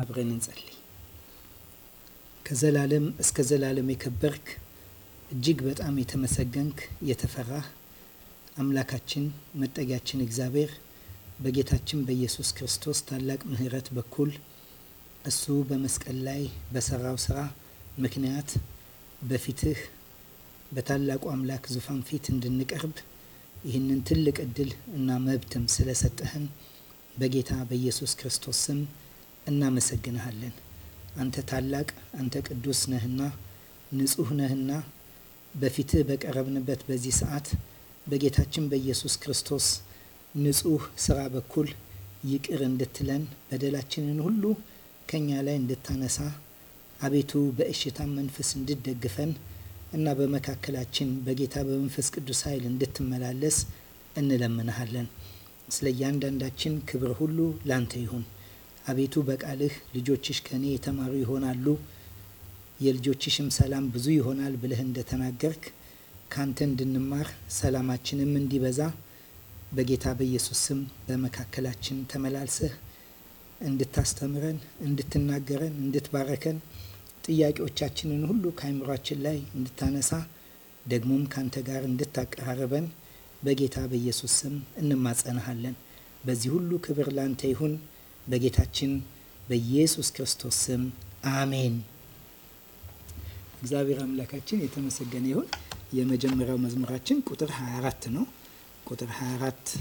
አብረን እንጸልይ። ከዘላለም እስከ ዘላለም የከበርክ እጅግ በጣም የተመሰገንክ የተፈራህ አምላካችን መጠጊያችን እግዚአብሔር በጌታችን በኢየሱስ ክርስቶስ ታላቅ ምሕረት በኩል እሱ በመስቀል ላይ በሰራው ስራ ምክንያት በፊትህ በታላቁ አምላክ ዙፋን ፊት እንድንቀርብ ይህንን ትልቅ እድል እና መብትም ስለሰጠህን በጌታ በኢየሱስ ክርስቶስ ስም እናመሰግንሃለን። አንተ ታላቅ፣ አንተ ቅዱስ ነህና፣ ንጹህ ነህና በፊትህ በቀረብንበት በዚህ ሰዓት በጌታችን በኢየሱስ ክርስቶስ ንጹህ ስራ በኩል ይቅር እንድትለን በደላችንን ሁሉ ከኛ ላይ እንድታነሳ አቤቱ በእሽታ መንፈስ እንድደግፈን እና በመካከላችን በጌታ በመንፈስ ቅዱስ ኃይል እንድትመላለስ እንለምንሃለን። ስለ እያንዳንዳችን ክብር ሁሉ ላንተ ይሁን። አቤቱ በቃልህ ልጆችሽ ከእኔ የተማሩ ይሆናሉ፣ የልጆችሽም ሰላም ብዙ ይሆናል ብለህ እንደተናገርክ ካንተ እንድንማር ሰላማችንም እንዲበዛ በጌታ በኢየሱስ ስም በመካከላችን ተመላልሰህ እንድታስተምረን፣ እንድትናገረን፣ እንድትባረከን ጥያቄዎቻችንን ሁሉ ከአይምሯችን ላይ እንድታነሳ ደግሞም ካንተ ጋር እንድታቀራርበን በጌታ በኢየሱስ ስም እንማጸናሃለን በዚህ ሁሉ ክብር ላንተ ይሁን። በጌታችን በኢየሱስ ክርስቶስ ስም አሜን። እግዚአብሔር አምላካችን የተመሰገነ ይሁን። የመጀመሪያው መዝሙራችን ቁጥር 24 ነው። ቁጥር 24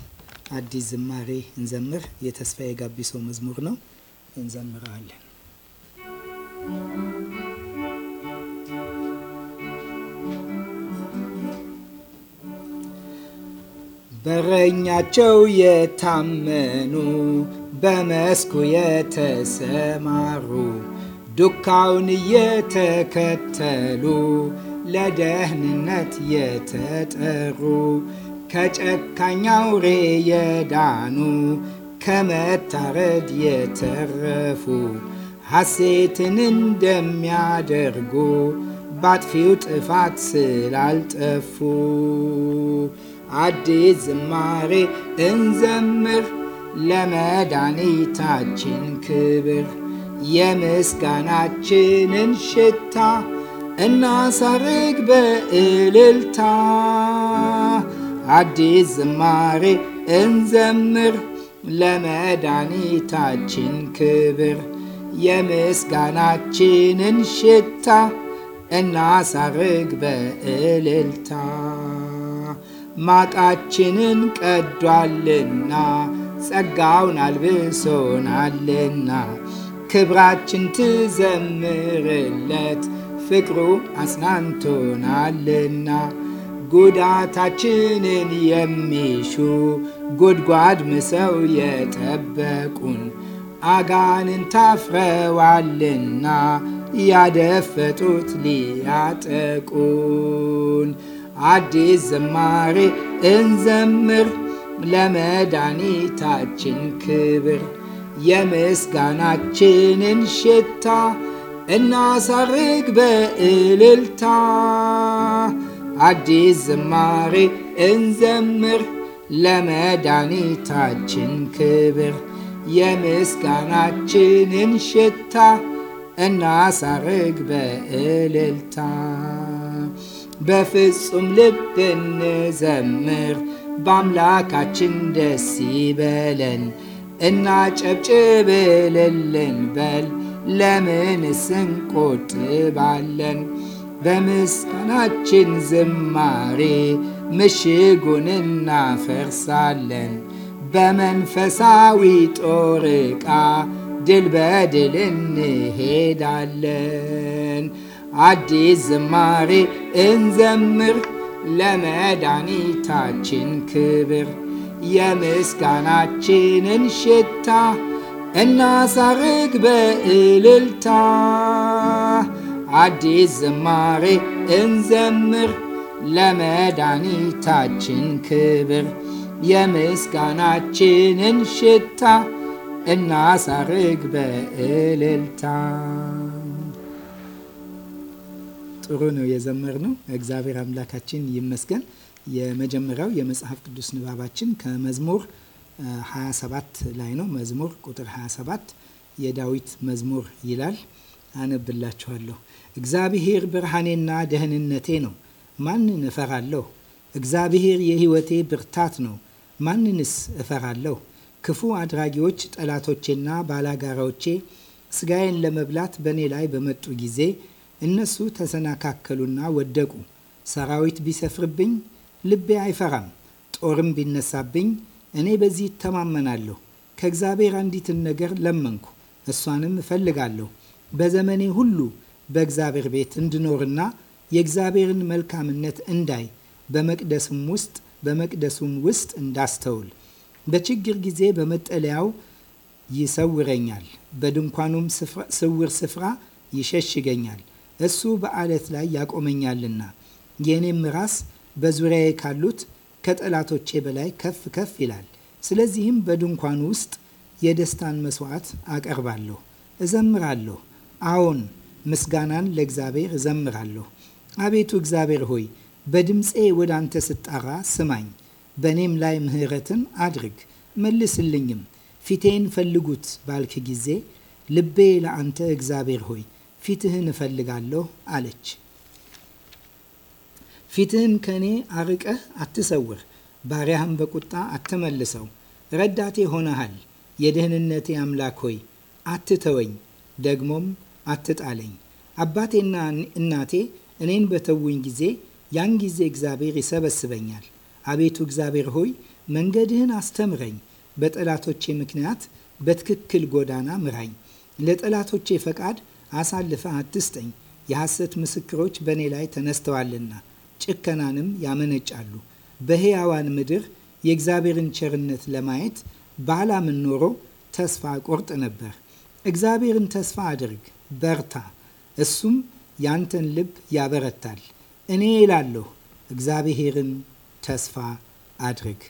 አዲስ ዝማሬ እንዘምር። የጋቢ ሰው መዝሙር ነው። እንዘምረዋለን። በረኛቸው የታመኑ በመስኩ የተሰማሩ ዱካውን የተከተሉ ለደህንነት የተጠሩ ከጨካኝ አውሬ የዳኑ ከመታረድ የተረፉ ሐሴትን እንደሚያደርጉ ባጥፊው ጥፋት ስላልጠፉ አዲስ ዝማሬ እንዘምር ለመድኃኒታችን ክብር የምስጋናችንን ሽታ እናሳርግ በእልልታ። አዲስ ዝማሬ እንዘምር ለመድኃኒታችን ክብር የምስጋናችንን ሽታ እናሳርግ በእልልታ። ማቃችንን ቀዷልና ጸጋውን አልብሶናልና ክብራችን ትዘምርለት ፍቅሩ አጽናንቶናልና ጉዳታችንን የሚሹ ጉድጓድ ምሰው የጠበቁን አጋንን ታፍረዋልና ያደፈጡት ሊያጠቁን አዲስ ዘማሬ እንዘምር ለመድኃኒታችን ክብር የምስጋናችንን ሽታ እናሳርግ በእልልታ። አዲስ ዝማሬ እንዘምር ለመድኃኒታችን ክብር የምስጋናችንን ሽታ እናሳርግ በእልልታ። በፍጹም ልብ እንዘምር በአምላካችን ደስ ይበለን እና ጨብጭብልልን በል ለምን ስንቆጥባለን! በምስጋናችን ዝማሬ ምሽጉን እናፈርሳለን በመንፈሳዊ ጦር ዕቃ ድል በድል እንሄዳለን አዲስ ዝማሬ እንዘምር ለመድኃኒታችን ክብር የምስጋናችንን ሽታ እናሳርግ በእልልታ። አዲስ ዝማሬ እንዘምር ለመድኃኒታችን ክብር የምስጋናችንን ሽታ እናሳርግ በእልልታ። ጥሩ ነው የዘመርነው። እግዚአብሔር አምላካችን ይመስገን። የመጀመሪያው የመጽሐፍ ቅዱስ ንባባችን ከመዝሙር 27 ላይ ነው። መዝሙር ቁጥር 27 የዳዊት መዝሙር ይላል። አነብላችኋለሁ። እግዚአብሔር ብርሃኔና ደህንነቴ ነው፣ ማንን እፈራለሁ? እግዚአብሔር የሕይወቴ ብርታት ነው፣ ማንንስ እፈራለሁ? ክፉ አድራጊዎች ጠላቶቼና ባላጋራዎቼ ስጋዬን ለመብላት በእኔ ላይ በመጡ ጊዜ እነሱ ተሰናካከሉና ወደቁ። ሰራዊት ቢሰፍርብኝ ልቤ አይፈራም፣ ጦርም ቢነሳብኝ እኔ በዚህ እተማመናለሁ። ከእግዚአብሔር አንዲትን ነገር ለመንኩ፣ እሷንም እፈልጋለሁ፣ በዘመኔ ሁሉ በእግዚአብሔር ቤት እንድኖርና የእግዚአብሔርን መልካምነት እንዳይ በመቅደሱም ውስጥ በመቅደሱም ውስጥ እንዳስተውል በችግር ጊዜ በመጠለያው ይሰውረኛል፣ በድንኳኑም ስውር ስፍራ ይሸሽገኛል። እሱ በዓለት ላይ ያቆመኛልና የእኔም ራስ በዙሪያዬ ካሉት ከጠላቶቼ በላይ ከፍ ከፍ ይላል። ስለዚህም በድንኳን ውስጥ የደስታን መስዋዕት አቀርባለሁ፣ እዘምራለሁ። አዎን ምስጋናን ለእግዚአብሔር እዘምራለሁ። አቤቱ እግዚአብሔር ሆይ በድምፄ ወደ አንተ ስጣራ ስማኝ፣ በእኔም ላይ ምሕረትን አድርግ መልስልኝም። ፊቴን ፈልጉት ባልክ ጊዜ ልቤ ለአንተ እግዚአብሔር ሆይ ፊትህን እፈልጋለሁ አለች። ፊትህን ከእኔ አርቀህ አትሰውር፣ ባሪያህን በቁጣ አትመልሰው። ረዳቴ ሆነሃል፣ የደህንነቴ አምላክ ሆይ አትተወኝ፣ ደግሞም አትጣለኝ። አባቴና እናቴ እኔን በተውኝ ጊዜ ያን ጊዜ እግዚአብሔር ይሰበስበኛል። አቤቱ እግዚአብሔር ሆይ መንገድህን አስተምረኝ፣ በጠላቶቼ ምክንያት በትክክል ጎዳና ምራኝ። ለጠላቶቼ ፈቃድ አሳልፈህ አትስጠኝ፣ የሐሰት ምስክሮች በእኔ ላይ ተነስተዋልና ጭከናንም ያመነጫሉ። በሕያዋን ምድር የእግዚአብሔርን ቸርነት ለማየት ባላምን ኖሮ ተስፋ ቆርጥ ነበር። እግዚአብሔርን ተስፋ አድርግ፣ በርታ፣ እሱም ያንተን ልብ ያበረታል። እኔ ይላለሁ እግዚአብሔርን ተስፋ አድርግ።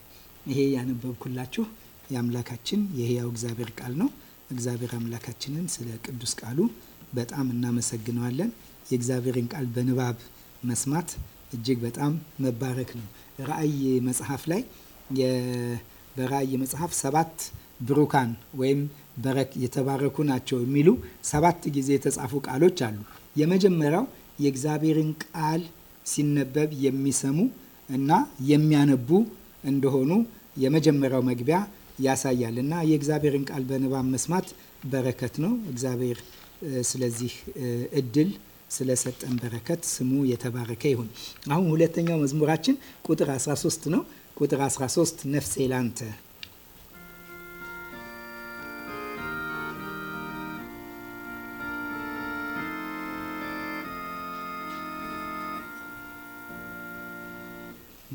ይሄ ያነበብኩላችሁ የአምላካችን የሕያው እግዚአብሔር ቃል ነው። እግዚአብሔር አምላካችንን ስለ ቅዱስ ቃሉ በጣም እናመሰግነዋለን። የእግዚአብሔርን ቃል በንባብ መስማት እጅግ በጣም መባረክ ነው። ራእይ መጽሐፍ ላይ በራእይ መጽሐፍ ሰባት ብሩካን ወይም በረክ የተባረኩ ናቸው የሚሉ ሰባት ጊዜ የተጻፉ ቃሎች አሉ። የመጀመሪያው የእግዚአብሔርን ቃል ሲነበብ የሚሰሙ እና የሚያነቡ እንደሆኑ የመጀመሪያው መግቢያ ያሳያል እና የእግዚአብሔርን ቃል በንባብ መስማት በረከት ነው። እግዚአብሔር ስለዚህ እድል ስለሰጠን በረከት ስሙ የተባረከ ይሁን። አሁን ሁለተኛው መዝሙራችን ቁጥር 13 ነው። ቁጥር 13 ነፍሴ ላንተ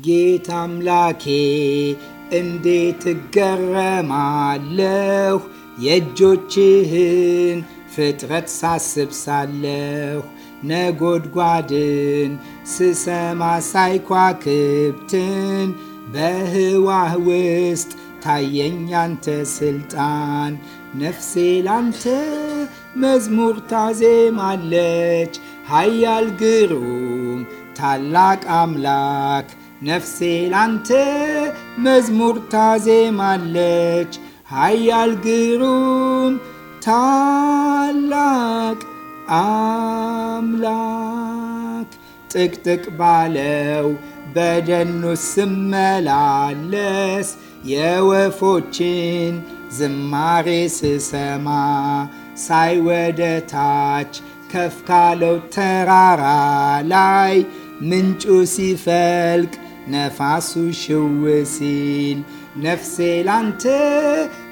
ጌታ አምላኬ እንዴት እገረማለሁ የእጆችህን ፍጥረት ሳስብ ሳለሁ ነጎድጓድን ስሰማ ክብትን በህዋህ ውስጥ ታየኝ ስልጣን ነፍሴ ላንተ መዝሙር ታዜማለች። ኃያል ግሩም ታላቅ አምላክ ነፍሴ ላንተ መዝሙር ታዜማለች። ኃያል ግሩም ታላቅ አምላክ ጥቅጥቅ ባለው በደኑ ስመላለስ የወፎችን ዝማሬ ስሰማ ሳይ ታች ከፍ ካለው ተራራ ላይ ምንጩ ሲፈልቅ ነፋሱ ሽው ሲል ነፍሴ ላንተ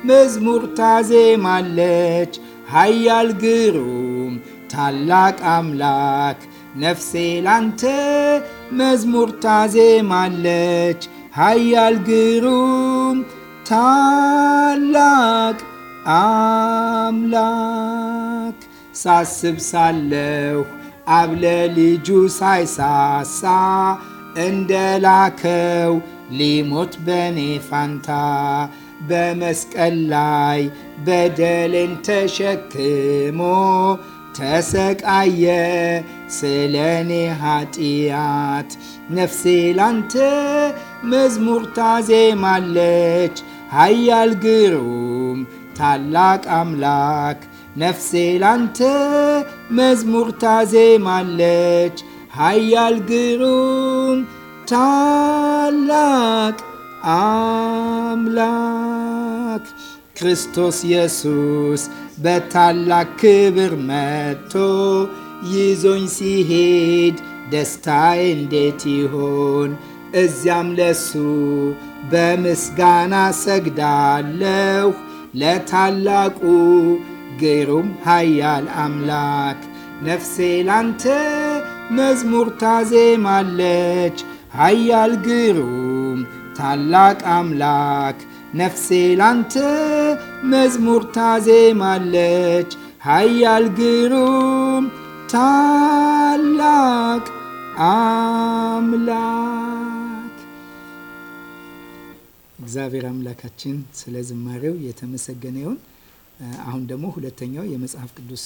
መዝሙር ታዜማለች። ኃያል ግሩም ታላቅ አምላክ ነፍሴ ላንተ መዝሙር ታዜማለች። ኃያል ግሩም ታላቅ አምላክ ሳስብ ሳለሁ አብለ ልጁ ሳይሳሳ እንደላከው ሊሞት በኔ ፋንታ በመስቀል ላይ በደሌን ተሸክሞ ተሰቃየ ስለኔ ኃጢአት። ነፍሴ ላንተ መዝሙር ታዜማለች። ኃያል ግሩም ታላቅ አምላክ ነፍሴ ላንተ መዝሙር ታዜማለች። ኃያል ግሩም ታላቅ አምላክ ክርስቶስ ኢየሱስ በታላቅ ክብር መጥቶ ይዞኝ ሲሄድ ደስታዬ እንዴት ይሆን? እዚያም ለሱ በምስጋና ሰግዳለሁ ለታላቁ ግሩም ኃያል አምላክ ነፍሴ ላንተ መዝሙር ታዜማለች። ኃያል ግሩም ታላቅ አምላክ ነፍሴ ላንተ መዝሙር ታዜማለች። ኃያል ግሩም ታላቅ አምላክ እግዚአብሔር አምላካችን ስለ ዝማሬው የተመሰገነ ይሁን። አሁን ደግሞ ሁለተኛው የመጽሐፍ ቅዱስ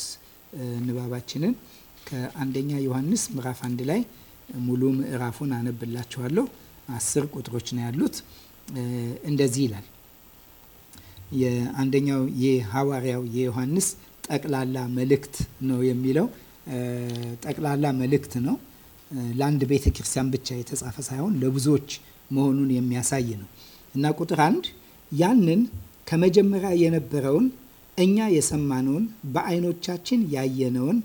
ንባባችንን ከአንደኛ ዮሐንስ ምዕራፍ አንድ ላይ ሙሉ ምዕራፉን አነብላችኋለሁ። አስር ቁጥሮች ነው ያሉት። እንደዚህ ይላል የአንደኛው የሐዋርያው የዮሐንስ ጠቅላላ መልእክት ነው የሚለው ጠቅላላ መልእክት ነው። ለአንድ ቤተ ክርስቲያን ብቻ የተጻፈ ሳይሆን ለብዙዎች መሆኑን የሚያሳይ ነው እና ቁጥር አንድ ያንን ከመጀመሪያ የነበረውን እኛ የሰማነውን በዓይኖቻችን ያየነውን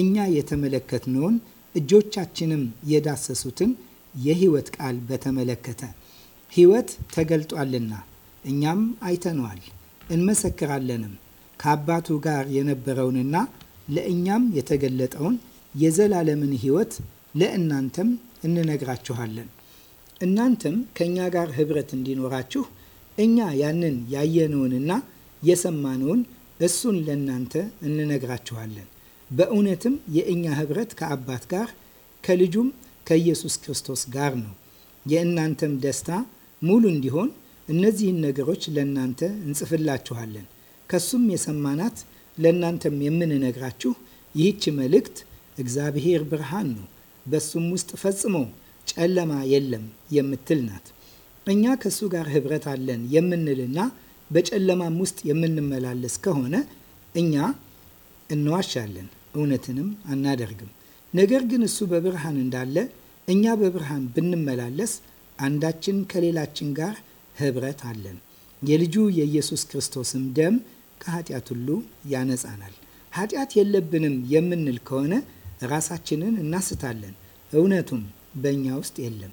እኛ የተመለከትነውን እጆቻችንም የዳሰሱትን የህይወት ቃል በተመለከተ ህይወት ተገልጧልና እኛም አይተነዋል እንመሰክራለንም ከአባቱ ጋር የነበረውንና ለእኛም የተገለጠውን የዘላለምን ህይወት ለእናንተም እንነግራችኋለን። እናንተም ከእኛ ጋር ህብረት እንዲኖራችሁ እኛ ያንን ያየነውንና የሰማነውን እሱን ለእናንተ እንነግራችኋለን። በእውነትም የእኛ ህብረት ከአባት ጋር ከልጁም ከኢየሱስ ክርስቶስ ጋር ነው። የእናንተም ደስታ ሙሉ እንዲሆን እነዚህን ነገሮች ለእናንተ እንጽፍላችኋለን። ከሱም የሰማናት ለእናንተም የምንነግራችሁ ይህች መልእክት እግዚአብሔር ብርሃን ነው፣ በሱም ውስጥ ፈጽሞ ጨለማ የለም የምትል ናት። እኛ ከእሱ ጋር ህብረት አለን የምንልና በጨለማም ውስጥ የምንመላለስ ከሆነ እኛ እንዋሻለን እውነትንም አናደርግም። ነገር ግን እሱ በብርሃን እንዳለ እኛ በብርሃን ብንመላለስ አንዳችን ከሌላችን ጋር ህብረት አለን። የልጁ የኢየሱስ ክርስቶስም ደም ከኃጢአት ሁሉ ያነጻናል። ኃጢአት የለብንም የምንል ከሆነ ራሳችንን እናስታለን፣ እውነቱም በእኛ ውስጥ የለም።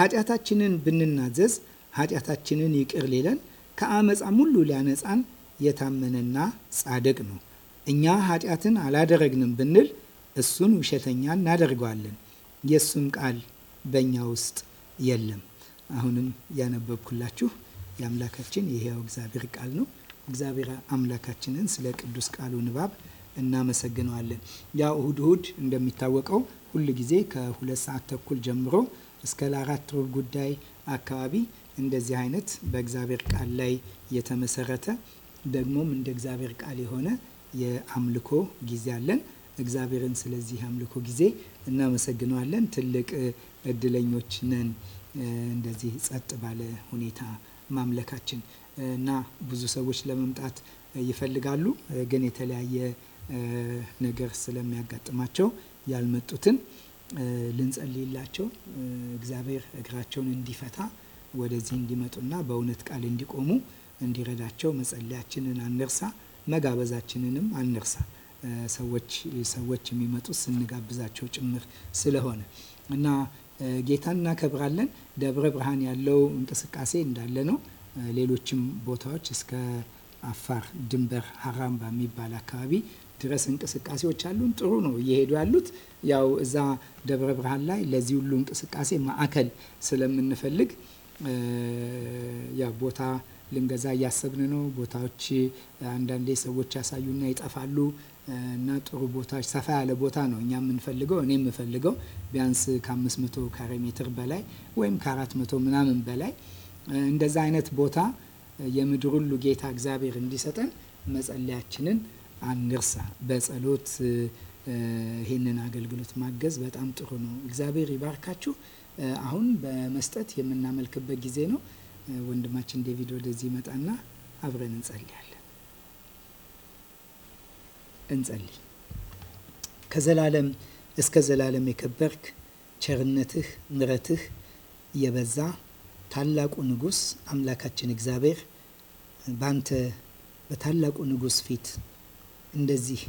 ኃጢአታችንን ብንናዘዝ ኃጢአታችንን ይቅር ሊለን ከአመፃም ሁሉ ሊያነጻን የታመነና ጻድቅ ነው። እኛ ኃጢአትን አላደረግንም ብንል እሱን ውሸተኛ እናደርገዋለን፣ የእሱም ቃል በእኛ ውስጥ የለም። አሁንም ያነበብኩላችሁ የአምላካችን የሕያው እግዚአብሔር ቃል ነው። እግዚአብሔር አምላካችንን ስለ ቅዱስ ቃሉ ንባብ እናመሰግነዋለን። ያ እሁድ እሁድ እንደሚታወቀው ሁል ጊዜ ከሁለት ሰዓት ተኩል ጀምሮ እስከ ለአራት ሩብ ጉዳይ አካባቢ እንደዚህ አይነት በእግዚአብሔር ቃል ላይ የተመሰረተ ደግሞም እንደ እግዚአብሔር ቃል የሆነ የአምልኮ ጊዜ አለን። እግዚአብሔርን ስለዚህ የአምልኮ ጊዜ እናመሰግነዋለን። ትልቅ እድለኞች ነን እንደዚህ ጸጥ ባለ ሁኔታ ማምለካችን እና ብዙ ሰዎች ለመምጣት ይፈልጋሉ፣ ግን የተለያየ ነገር ስለሚያጋጥማቸው ያልመጡትን ልንጸልይላቸው እግዚአብሔር እግራቸውን እንዲፈታ ወደዚህ እንዲመጡና በእውነት ቃል እንዲቆሙ እንዲረዳቸው መጸለያችንን አንርሳ። መጋበዛችንንም አንርሳ። ሰዎች ሰዎች የሚመጡት ስንጋብዛቸው ጭምር ስለሆነ እና ጌታ እናከብራለን። ደብረ ብርሃን ያለው እንቅስቃሴ እንዳለ ነው። ሌሎችም ቦታዎች እስከ አፋር ድንበር ሀራምባ የሚባል አካባቢ ድረስ እንቅስቃሴዎች አሉን። ጥሩ ነው እየሄዱ ያሉት። ያው እዛ ደብረ ብርሃን ላይ ለዚህ ሁሉ እንቅስቃሴ ማዕከል ስለምንፈልግ ያ ቦታ ልንገዛ እያሰብን ነው። ቦታዎች አንዳንዴ ሰዎች ያሳዩና ይጠፋሉ እና ጥሩ ቦታዎች፣ ሰፋ ያለ ቦታ ነው እኛ የምንፈልገው እኔ የምፈልገው ቢያንስ ከ500 ካሬ ሜትር በላይ ወይም ከ400 ምናምን በላይ እንደዛ አይነት ቦታ የምድር ሁሉ ጌታ እግዚአብሔር እንዲሰጠን መጸለያችንን አንርሳ። በጸሎት ይህንን አገልግሎት ማገዝ በጣም ጥሩ ነው። እግዚአብሔር ይባርካችሁ። አሁን በመስጠት የምናመልክበት ጊዜ ነው። ወንድማችን ዴቪድ ወደዚህ ይመጣና አብረን እንጸልያለን። እንጸልይ። ከዘላለም እስከ ዘላለም የከበርክ ቸርነትህ፣ ምረትህ የበዛ ታላቁ ንጉስ አምላካችን እግዚአብሔር በአንተ በታላቁ ንጉስ ፊት እንደዚህ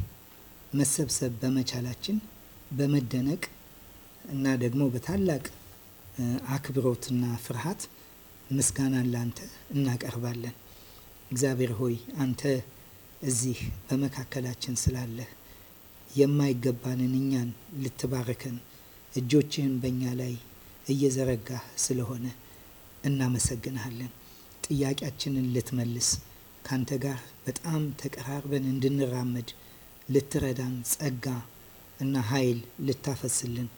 መሰብሰብ በመቻላችን በመደነቅ እና ደግሞ በታላቅ አክብሮትና ፍርሃት ምስጋናን ላንተ እናቀርባለን። እግዚአብሔር ሆይ አንተ እዚህ በመካከላችን ስላለህ የማይገባንን እኛን ልትባርከን እጆችህን በእኛ ላይ እየዘረጋህ ስለሆነ እናመሰግንሃለን። ጥያቄያችንን ልትመልስ ካንተ ጋር በጣም ተቀራርበን እንድንራመድ ልትረዳን ጸጋ እና ኃይል ልታፈስልን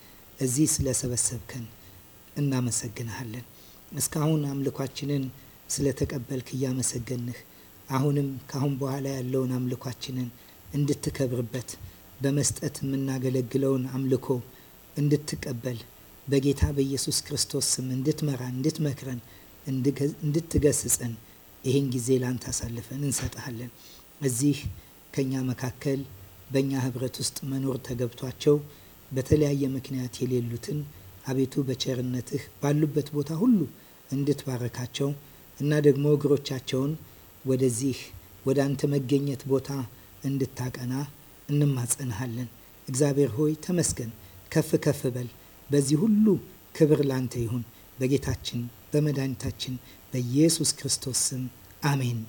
እዚህ ስለሰበሰብከን እናመሰግንሃለን። እስካሁን አምልኳችንን ስለተቀበልክ እያመሰገንህ አሁንም ካሁን በኋላ ያለውን አምልኳችንን እንድትከብርበት በመስጠት የምናገለግለውን አምልኮ እንድትቀበል በጌታ በኢየሱስ ክርስቶስ ስም እንድትመራን፣ እንድትመክረን፣ እንድትገስጸን ይህን ጊዜ ላንተ አሳልፈን እንሰጥሃለን። እዚህ ከእኛ መካከል በእኛ ህብረት ውስጥ መኖር ተገብቷቸው በተለያየ ምክንያት የሌሉትን አቤቱ በቸርነትህ ባሉበት ቦታ ሁሉ እንድትባረካቸው እና ደግሞ እግሮቻቸውን ወደዚህ ወደ አንተ መገኘት ቦታ እንድታቀና እንማጸንሃለን። እግዚአብሔር ሆይ ተመስገን፣ ከፍ ከፍ በል። በዚህ ሁሉ ክብር ላንተ ይሁን። በጌታችን በመድኃኒታችን በኢየሱስ ክርስቶስ ስም አሜን።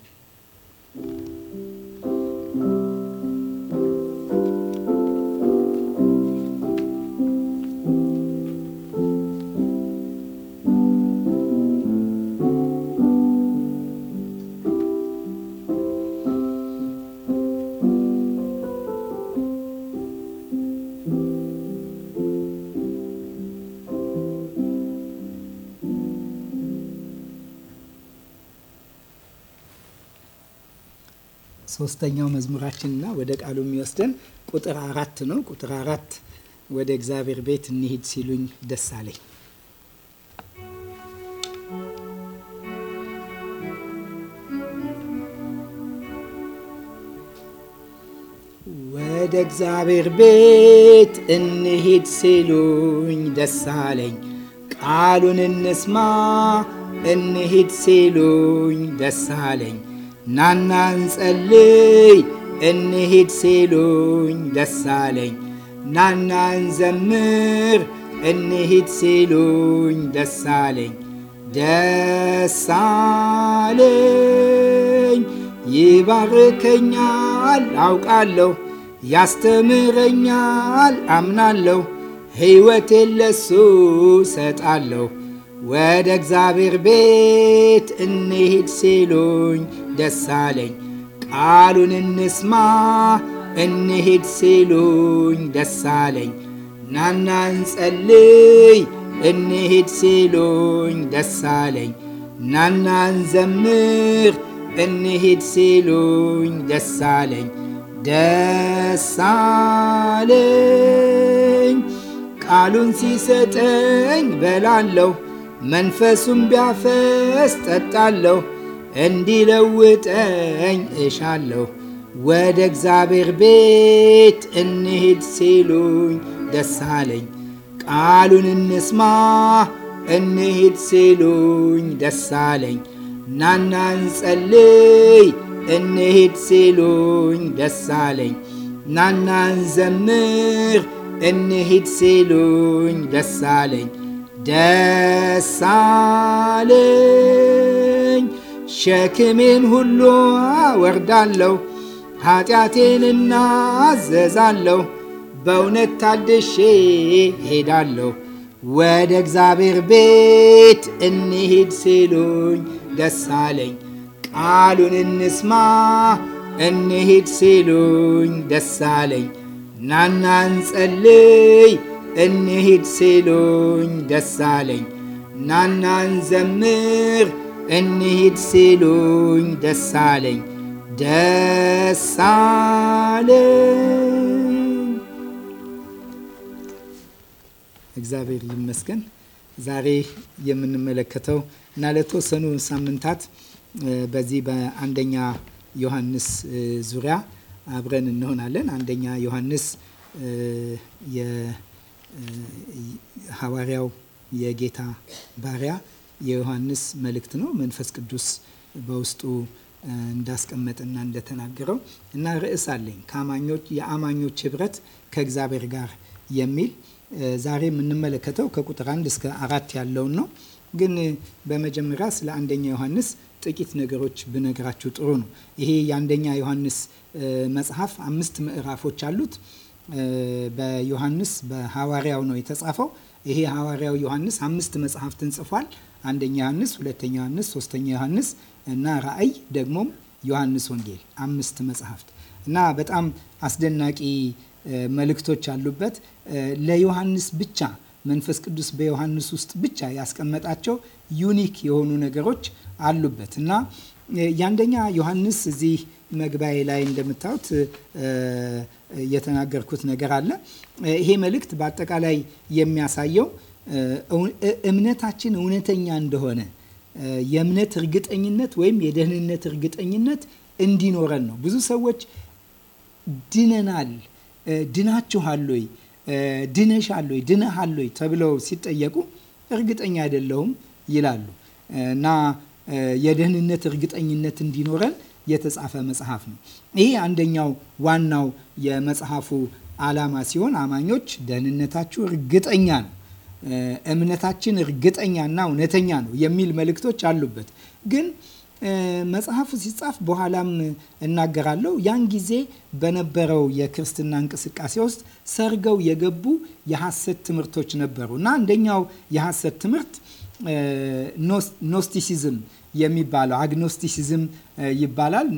ሶስተኛው መዝሙራችንና ወደ ቃሉ የሚወስደን ቁጥር አራት ነው። ቁጥር አራት ወደ እግዚአብሔር ቤት እንሂድ ሲሉኝ ደስ አለኝ። ወደ እግዚአብሔር ቤት እንሂድ ሲሉኝ ደስ አለኝ። ቃሉን እንስማ እንሂድ ሲሉኝ ደስ አለኝ። ናና እንጸልይ እንሂድ ሲሉኝ ደሳለኝ ናና እንዘምር እንሂድ ሲሉኝ ደሳለኝ ደሳለኝ ይባርከኛል አውቃለሁ ያስተምረኛል አምናለሁ ሕይወቴን ለሱ ሰጣለሁ ወደ እግዚአብሔር ቤት እንሂድ ሲሉኝ ደስ አለኝ። ቃሉን እንስማ እንሂድ ሲሉኝ ደስ አለኝ። ናና እንጸልይ እንሂድ ሲሉኝ ደስ አለኝ። ናና እንዘምር እንሂድ ሲሉኝ ደስ አለኝ። ደስ አለኝ ቃሉን ሲሰጠኝ በላለሁ፣ መንፈሱም ቢያፈስ ጠጣለሁ። እንዲለውጠኝ እሻለሁ። ወደ እግዚአብሔር ቤት እንሂድ ሲሉኝ ደስ አለኝ። ቃሉን እንስማ እንሂድ ሲሉኝ ደስ አለኝ። ናና እንጸልይ እንሂድ ሲሉኝ ደስ አለኝ። ናና እንዘምር እንሂድ ሲሉኝ ደስ አለኝ። ደስ አለኝ ሸክሜን ሁሉ አወርዳለሁ፣ ኃጢአቴንና አዘዛለሁ። በእውነት ታድሼ ሄዳለሁ። ወደ እግዚአብሔር ቤት እንሂድ ሲሉኝ ደስ አለኝ። ቃሉን እንስማ እንሂድ ሲሉኝ ደስ አለኝ። ናና እንጸልይ እንሂድ ሲሉኝ ደስ አለኝ። ናና እንዘምር እንሂድ ሲሉኝ ደስ አለኝ ደስ አለኝ። እግዚአብሔር ይመስገን። ዛሬ የምንመለከተው እና ለተወሰኑ ሳምንታት በዚህ በአንደኛ ዮሐንስ ዙሪያ አብረን እንሆናለን። አንደኛ ዮሐንስ የሐዋርያው የጌታ ባሪያ የዮሐንስ መልእክት ነው። መንፈስ ቅዱስ በውስጡ እንዳስቀመጠና እንደተናገረው እና ርዕስ አለኝ ከአማኞች የአማኞች ህብረት ከእግዚአብሔር ጋር የሚል ዛሬ የምንመለከተው ከቁጥር አንድ እስከ አራት ያለውን ነው። ግን በመጀመሪያ ስለ አንደኛ ዮሐንስ ጥቂት ነገሮች ብነግራችሁ ጥሩ ነው። ይሄ የአንደኛ ዮሐንስ መጽሐፍ አምስት ምዕራፎች አሉት። በዮሐንስ በሐዋርያው ነው የተጻፈው። ይሄ ሐዋርያው ዮሐንስ አምስት መጽሐፍትን ጽፏል። አንደኛ ዮሐንስ፣ ሁለተኛ ዮሐንስ፣ ሶስተኛ ዮሐንስ እና ራእይ ደግሞም ዮሐንስ ወንጌል አምስት መጽሐፍት እና በጣም አስደናቂ መልእክቶች አሉበት። ለዮሐንስ ብቻ መንፈስ ቅዱስ በዮሐንስ ውስጥ ብቻ ያስቀመጣቸው ዩኒክ የሆኑ ነገሮች አሉበት እና የአንደኛ ዮሐንስ እዚህ መግባኤ ላይ እንደምታዩት የተናገርኩት ነገር አለ። ይሄ መልእክት በአጠቃላይ የሚያሳየው እምነታችን እውነተኛ እንደሆነ የእምነት እርግጠኝነት ወይም የደህንነት እርግጠኝነት እንዲኖረን ነው። ብዙ ሰዎች ድነናል፣ ድናችኋል ወይ፣ ድነሻል ወይ፣ ድነሃል ወይ ተብለው ሲጠየቁ እርግጠኛ አይደለሁም ይላሉ እና የደህንነት እርግጠኝነት እንዲኖረን የተጻፈ መጽሐፍ ነው። ይሄ አንደኛው ዋናው የመጽሐፉ ዓላማ ሲሆን አማኞች ደህንነታችሁ እርግጠኛ ነው፣ እምነታችን እርግጠኛና እውነተኛ ነው የሚል መልእክቶች አሉበት ግን መጽሐፉ ሲጻፍ በኋላም እናገራለሁ። ያን ጊዜ በነበረው የክርስትና እንቅስቃሴ ውስጥ ሰርገው የገቡ የሐሰት ትምህርቶች ነበሩ እና አንደኛው የሐሰት ትምህርት ኖስቲሲዝም የሚባለው አግኖስቲሲዝም ይባላል።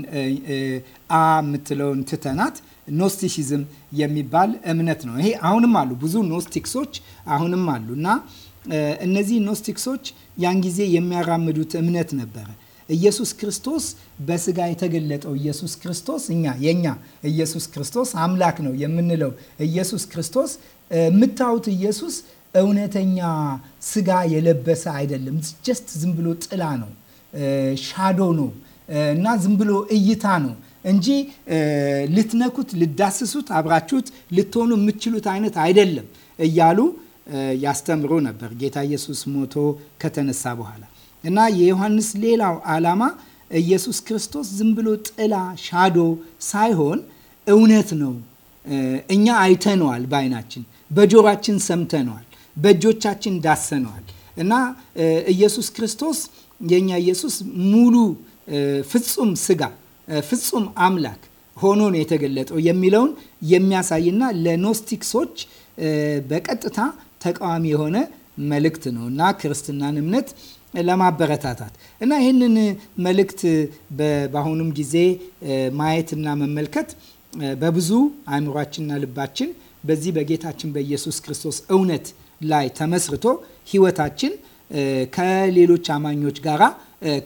አ የምትለውን ትተናት ኖስቲሲዝም የሚባል እምነት ነው። ይሄ አሁንም አሉ ብዙ ኖስቲክሶች አሁንም አሉ እና እነዚህ ኖስቲክሶች ያን ጊዜ የሚያራምዱት እምነት ነበረ። ኢየሱስ ክርስቶስ በስጋ የተገለጠው ኢየሱስ ክርስቶስ እኛ የእኛ ኢየሱስ ክርስቶስ አምላክ ነው የምንለው ኢየሱስ ክርስቶስ የምታዩት ኢየሱስ እውነተኛ ስጋ የለበሰ አይደለም። ጀስት ዝም ብሎ ጥላ ነው ሻዶ ነው እና ዝም ብሎ እይታ ነው እንጂ ልትነኩት፣ ልዳስሱት፣ አብራችሁት ልትሆኑ የምትችሉት አይነት አይደለም እያሉ ያስተምሩ ነበር ጌታ ኢየሱስ ሞቶ ከተነሳ በኋላ እና የዮሐንስ ሌላው ዓላማ ኢየሱስ ክርስቶስ ዝም ብሎ ጥላ ሻዶ ሳይሆን እውነት ነው። እኛ አይተነዋል፣ በአይናችን በጆሯችን ሰምተነዋል፣ በእጆቻችን ዳሰነዋል እና ኢየሱስ ክርስቶስ የኛ ኢየሱስ ሙሉ ፍጹም ስጋ ፍጹም አምላክ ሆኖ ነው የተገለጠው የሚለውን የሚያሳይና ለኖስቲክሶች በቀጥታ ተቃዋሚ የሆነ መልእክት ነው እና ክርስትናን እምነት ለማበረታታት እና ይህንን መልእክት በአሁኑም ጊዜ ማየትና መመልከት በብዙ አእምሯችንና ልባችን በዚህ በጌታችን በኢየሱስ ክርስቶስ እውነት ላይ ተመስርቶ ህይወታችን ከሌሎች አማኞች ጋራ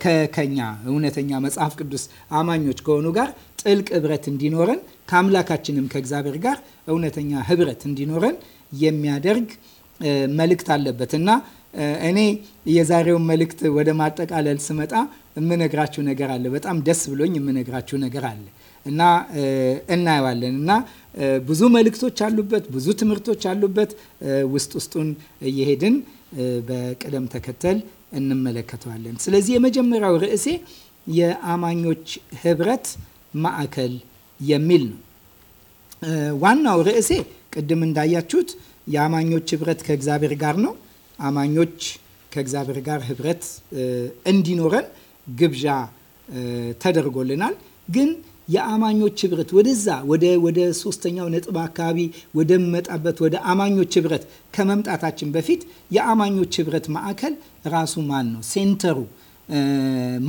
ከከኛ እውነተኛ መጽሐፍ ቅዱስ አማኞች ከሆኑ ጋር ጥልቅ ህብረት እንዲኖረን ከአምላካችንም ከእግዚአብሔር ጋር እውነተኛ ህብረት እንዲኖረን የሚያደርግ መልእክት አለበት እና እኔ የዛሬውን መልእክት ወደ ማጠቃለል ስመጣ የምነግራችሁ ነገር አለ። በጣም ደስ ብሎኝ የምነግራችሁ ነገር አለ እና እናየዋለን እና ብዙ መልእክቶች አሉበት፣ ብዙ ትምህርቶች አሉበት። ውስጥ ውስጡን እየሄድን በቅደም ተከተል እንመለከተዋለን። ስለዚህ የመጀመሪያው ርዕሴ የአማኞች ህብረት ማዕከል የሚል ነው። ዋናው ርዕሴ ቅድም እንዳያችሁት የአማኞች ህብረት ከእግዚአብሔር ጋር ነው። አማኞች ከእግዚአብሔር ጋር ህብረት እንዲኖረን ግብዣ ተደርጎልናል ግን የአማኞች ህብረት ወደዛ ወደ ወደ ሶስተኛው ነጥብ አካባቢ ወደመጣበት ወደ አማኞች ህብረት ከመምጣታችን በፊት የአማኞች ህብረት ማዕከል ራሱ ማን ነው፣ ሴንተሩ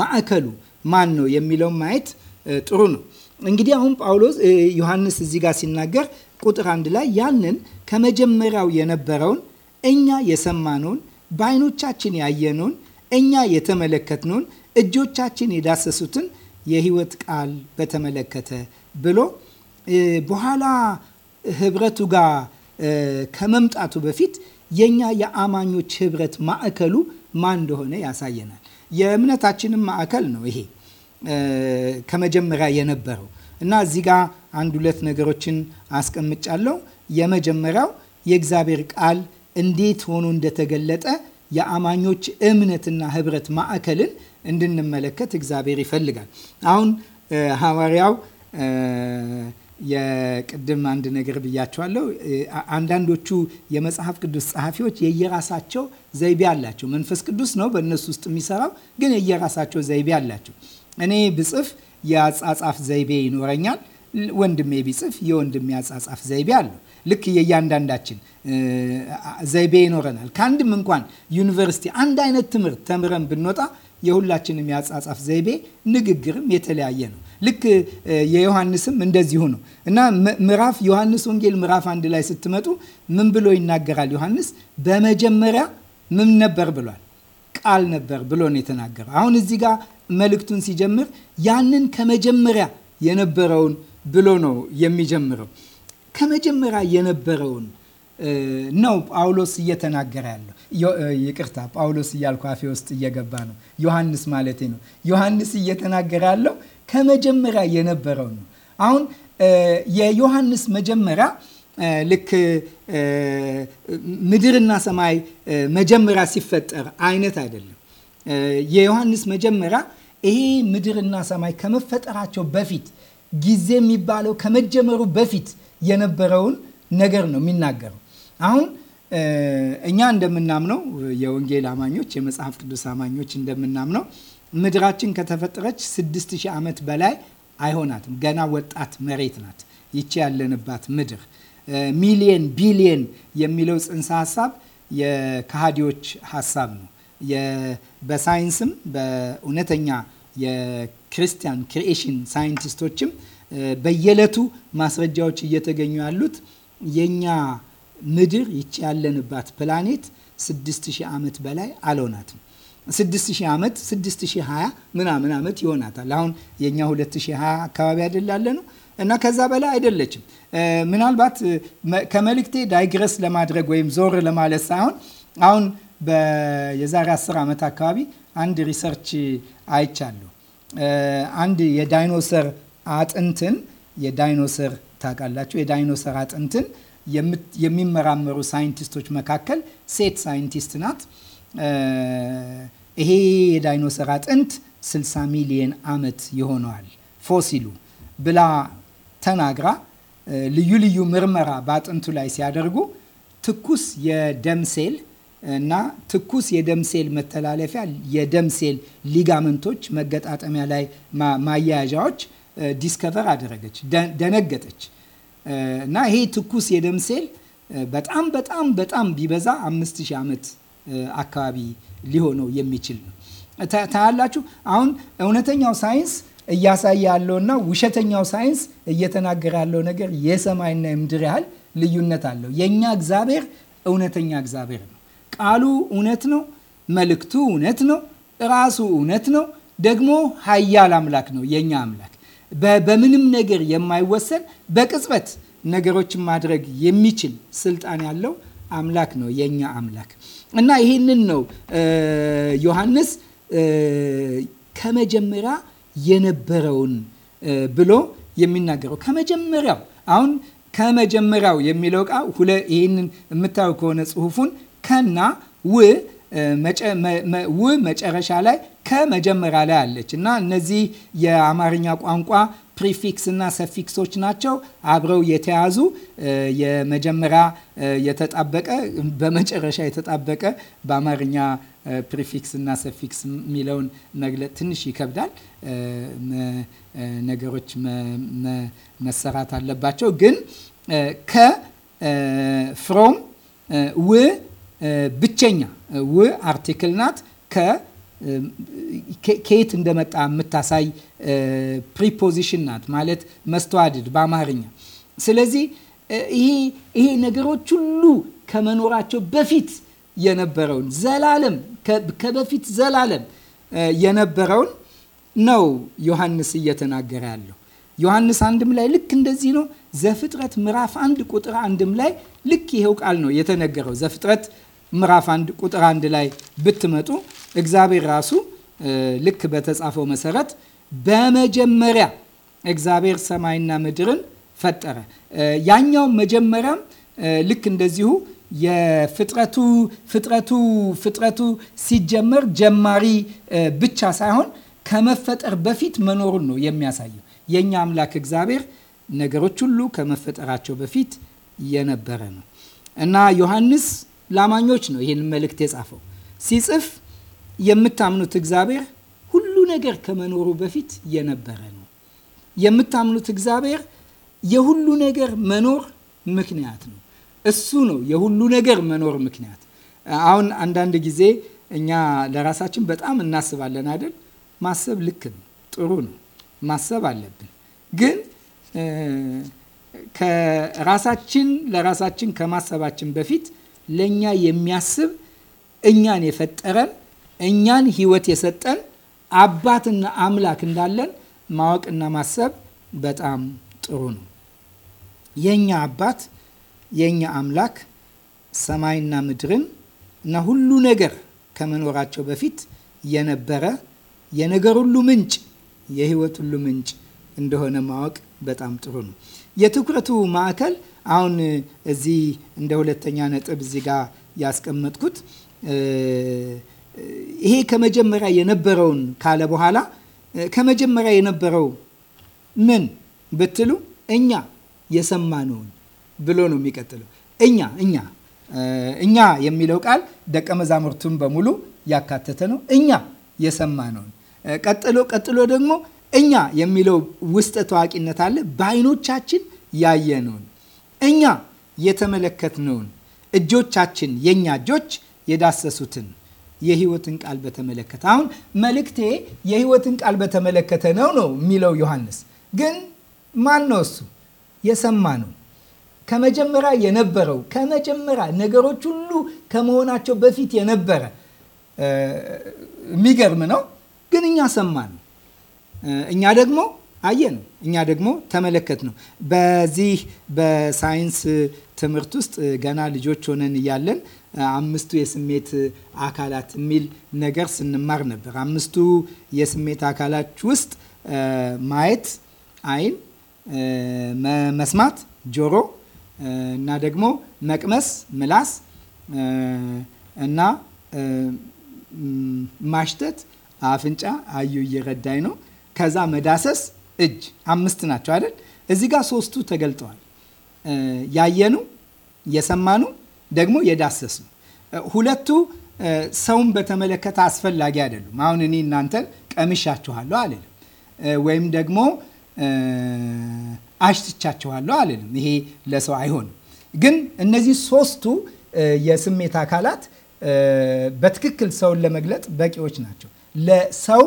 ማዕከሉ ማን ነው የሚለውን ማየት ጥሩ ነው። እንግዲህ አሁን ጳውሎስ ዮሐንስ እዚህ ጋር ሲናገር ቁጥር አንድ ላይ ያንን ከመጀመሪያው የነበረውን እኛ የሰማነውን በአይኖቻችን ያየነውን እኛ የተመለከትነውን እጆቻችን የዳሰሱትን የህይወት ቃል በተመለከተ ብሎ በኋላ ህብረቱ ጋር ከመምጣቱ በፊት የኛ የአማኞች ህብረት ማዕከሉ ማን እንደሆነ ያሳየናል። የእምነታችንም ማዕከል ነው ይሄ ከመጀመሪያ የነበረው እና እዚህ ጋር አንድ ሁለት ነገሮችን አስቀምጫለሁ። የመጀመሪያው የእግዚአብሔር ቃል እንዴት ሆኖ እንደተገለጠ የአማኞች እምነትና ህብረት ማዕከልን እንድንመለከት እግዚአብሔር ይፈልጋል። አሁን ሐዋርያው የቅድም አንድ ነገር ብያቸዋለሁ። አንዳንዶቹ የመጽሐፍ ቅዱስ ጸሐፊዎች የየራሳቸው ዘይቤ አላቸው። መንፈስ ቅዱስ ነው በእነሱ ውስጥ የሚሰራው፣ ግን የየራሳቸው ዘይቤ አላቸው። እኔ ብጽፍ የአጻጻፍ ዘይቤ ይኖረኛል። ወንድሜ ቢጽፍ የወንድሜ አጻጻፍ ዘይቤ አለው። ልክ የእያንዳንዳችን ዘይቤ ይኖረናል። ከአንድም እንኳን ዩኒቨርሲቲ አንድ አይነት ትምህርት ተምረን ብንወጣ የሁላችንም የአጻጻፍ ዘይቤ ንግግርም የተለያየ ነው። ልክ የዮሐንስም እንደዚሁ ነው እና ምዕራፍ ዮሐንስ ወንጌል ምዕራፍ አንድ ላይ ስትመጡ ምን ብሎ ይናገራል ዮሐንስ? በመጀመሪያ ምን ነበር ብሏል? ቃል ነበር ብሎ ነው የተናገረው። አሁን እዚህ ጋር መልእክቱን ሲጀምር ያንን ከመጀመሪያ የነበረውን ብሎ ነው የሚጀምረው። ከመጀመሪያ የነበረውን ነው ጳውሎስ እየተናገረ ያለው። ይቅርታ ጳውሎስ እያልኩ አፌ ውስጥ እየገባ ነው። ዮሐንስ ማለቴ ነው። ዮሐንስ እየተናገረ ያለው ከመጀመሪያ የነበረው ነው። አሁን የዮሐንስ መጀመሪያ ልክ ምድርና ሰማይ መጀመሪያ ሲፈጠር አይነት አይደለም። የዮሐንስ መጀመሪያ ይሄ ምድርና ሰማይ ከመፈጠራቸው በፊት ጊዜ የሚባለው ከመጀመሩ በፊት የነበረውን ነገር ነው የሚናገረው። አሁን እኛ እንደምናምነው የወንጌል አማኞች የመጽሐፍ ቅዱስ አማኞች እንደምናምነው ምድራችን ከተፈጠረች 6000 ሺህ ዓመት በላይ አይሆናትም። ገና ወጣት መሬት ናት ይቺ ያለንባት ምድር። ሚሊየን ቢሊየን የሚለው ጽንሰ ሀሳብ የካሃዲዎች ሀሳብ ነው። በሳይንስም በእውነተኛ የክርስቲያን ክሪኤሽን ሳይንቲስቶችም በየዕለቱ ማስረጃዎች እየተገኙ ያሉት የኛ ምድር ይቺ ያለንባት ፕላኔት 6000 ዓመት በላይ አልሆናትም። 6000 ዓመት 6020 ምናምን ዓመት ይሆናታል። አሁን የእኛ 2020 አካባቢ አይደላለ ነው እና ከዛ በላይ አይደለችም። ምናልባት ከመልእክቴ ዳይግረስ ለማድረግ ወይም ዞር ለማለት ሳይሆን አሁን የዛሬ 10 ዓመት አካባቢ አንድ ሪሰርች አይቻለሁ። አንድ የዳይኖሰር አጥንትን የዳይኖሰር ታውቃላችሁ፣ የዳይኖሰር አጥንትን የሚመራመሩ ሳይንቲስቶች መካከል ሴት ሳይንቲስት ናት። ይሄ የዳይኖሰር አጥንት 60 ሚሊየን ዓመት ይሆነዋል ፎሲሉ ብላ ተናግራ ልዩ ልዩ ምርመራ በአጥንቱ ላይ ሲያደርጉ ትኩስ የደም ሴል እና ትኩስ የደም ሴል መተላለፊያ የደም ሴል ሊጋመንቶች መገጣጠሚያ ላይ ማያያዣዎች ዲስከቨር አደረገች። ደነገጠች። እና ይሄ ትኩስ የደም ሴል በጣም በጣም በጣም ቢበዛ አምስት ሺህ ዓመት አካባቢ ሊሆነው የሚችል ነው። ታያላችሁ። አሁን እውነተኛው ሳይንስ እያሳየ ያለውና ውሸተኛው ሳይንስ እየተናገረ ያለው ነገር የሰማይና የምድር ያህል ልዩነት አለው። የእኛ እግዚአብሔር እውነተኛ እግዚአብሔር ነው። ቃሉ እውነት ነው። መልእክቱ እውነት ነው። ራሱ እውነት ነው። ደግሞ ኃያል አምላክ ነው የእኛ አምላክ በምንም ነገር የማይወሰን በቅጽበት ነገሮችን ማድረግ የሚችል ስልጣን ያለው አምላክ ነው የእኛ አምላክ እና ይህንን ነው ዮሐንስ ከመጀመሪያ የነበረውን ብሎ የሚናገረው ከመጀመሪያው አሁን ከመጀመሪያው የሚለው ቃ ይህንን የምታዩ ከሆነ ጽሁፉን ከና ው መጨረሻ ላይ ከመጀመሪያ ላይ አለች እና እነዚህ የአማርኛ ቋንቋ ፕሪፊክስ እና ሰፊክሶች ናቸው። አብረው የተያዙ የመጀመሪያ የተጣበቀ በመጨረሻ የተጣበቀ በአማርኛ ፕሪፊክስ እና ሰፊክስ የሚለውን መግለጥ ትንሽ ይከብዳል። ነገሮች መሰራት አለባቸው። ግን ከ ፍሮም ው ብቸኛ ው አርቲክል ናት ከ ከየት እንደመጣ የምታሳይ ፕሪፖዚሽን ናት፣ ማለት መስተዋድድ በአማርኛ። ስለዚህ ይሄ ነገሮች ሁሉ ከመኖራቸው በፊት የነበረውን ዘላለም ከበፊት ዘላለም የነበረውን ነው ዮሐንስ እየተናገረ ያለው። ዮሐንስ አንድም ላይ ልክ እንደዚህ ነው። ዘፍጥረት ምዕራፍ አንድ ቁጥር አንድም ላይ ልክ ይሄው ቃል ነው የተነገረው። ዘፍጥረት ምዕራፍ አንድ ቁጥር አንድ ላይ ብትመጡ እግዚአብሔር ራሱ ልክ በተጻፈው መሰረት በመጀመሪያ እግዚአብሔር ሰማይና ምድርን ፈጠረ። ያኛው መጀመሪያም ልክ እንደዚሁ የፍጥረቱ ፍጥረቱ ፍጥረቱ ሲጀመር ጀማሪ ብቻ ሳይሆን ከመፈጠር በፊት መኖሩን ነው የሚያሳየው። የእኛ አምላክ እግዚአብሔር ነገሮች ሁሉ ከመፈጠራቸው በፊት የነበረ ነው እና ዮሐንስ ላማኞች ነው ይህን መልእክት የጻፈው ሲጽፍ የምታምኑት እግዚአብሔር ሁሉ ነገር ከመኖሩ በፊት የነበረ ነው። የምታምኑት እግዚአብሔር የሁሉ ነገር መኖር ምክንያት ነው። እሱ ነው የሁሉ ነገር መኖር ምክንያት። አሁን አንዳንድ ጊዜ እኛ ለራሳችን በጣም እናስባለን አይደል? ማሰብ ልክ ነው፣ ጥሩ ነው፣ ማሰብ አለብን። ግን ከራሳችን ለራሳችን ከማሰባችን በፊት ለእኛ የሚያስብ እኛን የፈጠረን እኛን ህይወት የሰጠን አባትና አምላክ እንዳለን ማወቅና ማሰብ በጣም ጥሩ ነው። የእኛ አባት የእኛ አምላክ ሰማይና ምድርን እና ሁሉ ነገር ከመኖራቸው በፊት የነበረ የነገር ሁሉ ምንጭ የህይወት ሁሉ ምንጭ እንደሆነ ማወቅ በጣም ጥሩ ነው። የትኩረቱ ማዕከል አሁን እዚህ እንደ ሁለተኛ ነጥብ እዚህ ጋር ያስቀመጥኩት ይሄ ከመጀመሪያ የነበረውን ካለ በኋላ ከመጀመሪያ የነበረው ምን ብትሉ እኛ የሰማነውን ብሎ ነው የሚቀጥለው። እኛ እኛ እኛ የሚለው ቃል ደቀ መዛሙርቱን በሙሉ ያካተተ ነው። እኛ የሰማነውን ቀጥሎ ቀጥሎ ደግሞ እኛ የሚለው ውስጠ ታዋቂነት አለ። ያየ ያየነውን እኛ የተመለከትነውን እጆቻችን የእኛ እጆች የዳሰሱትን የህይወትን ቃል በተመለከተ አሁን መልእክቴ የህይወትን ቃል በተመለከተ ነው ነው የሚለው ዮሐንስ። ግን ማን ነው እሱ? የሰማ ነው ከመጀመሪያ የነበረው ከመጀመሪያ ነገሮች ሁሉ ከመሆናቸው በፊት የነበረ የሚገርም ነው። ግን እኛ ነው እኛ ደግሞ አየን፣ እኛ ደግሞ ተመለከት ነው። በዚህ በሳይንስ ትምህርት ውስጥ ገና ልጆች ሆነን እያለን አምስቱ የስሜት አካላት የሚል ነገር ስንማር ነበር። አምስቱ የስሜት አካላች ውስጥ ማየት፣ አይን መስማት፣ ጆሮ እና ደግሞ መቅመስ፣ ምላስ እና ማሽተት፣ አፍንጫ አዩ እየረዳኝ ነው። ከዛ መዳሰስ፣ እጅ አምስት ናቸው አይደል? እዚህ ጋር ሶስቱ ተገልጠዋል። ያየኑ፣ የሰማኑ ደግሞ የዳሰስ ነው። ሁለቱ ሰውን በተመለከተ አስፈላጊ አይደሉም። አሁን እኔ እናንተን ቀምሻችኋለሁ አልልም፣ ወይም ደግሞ አሽትቻችኋለሁ አልልም። ይሄ ለሰው አይሆንም። ግን እነዚህ ሶስቱ የስሜት አካላት በትክክል ሰውን ለመግለጥ በቂዎች ናቸው። ለሰው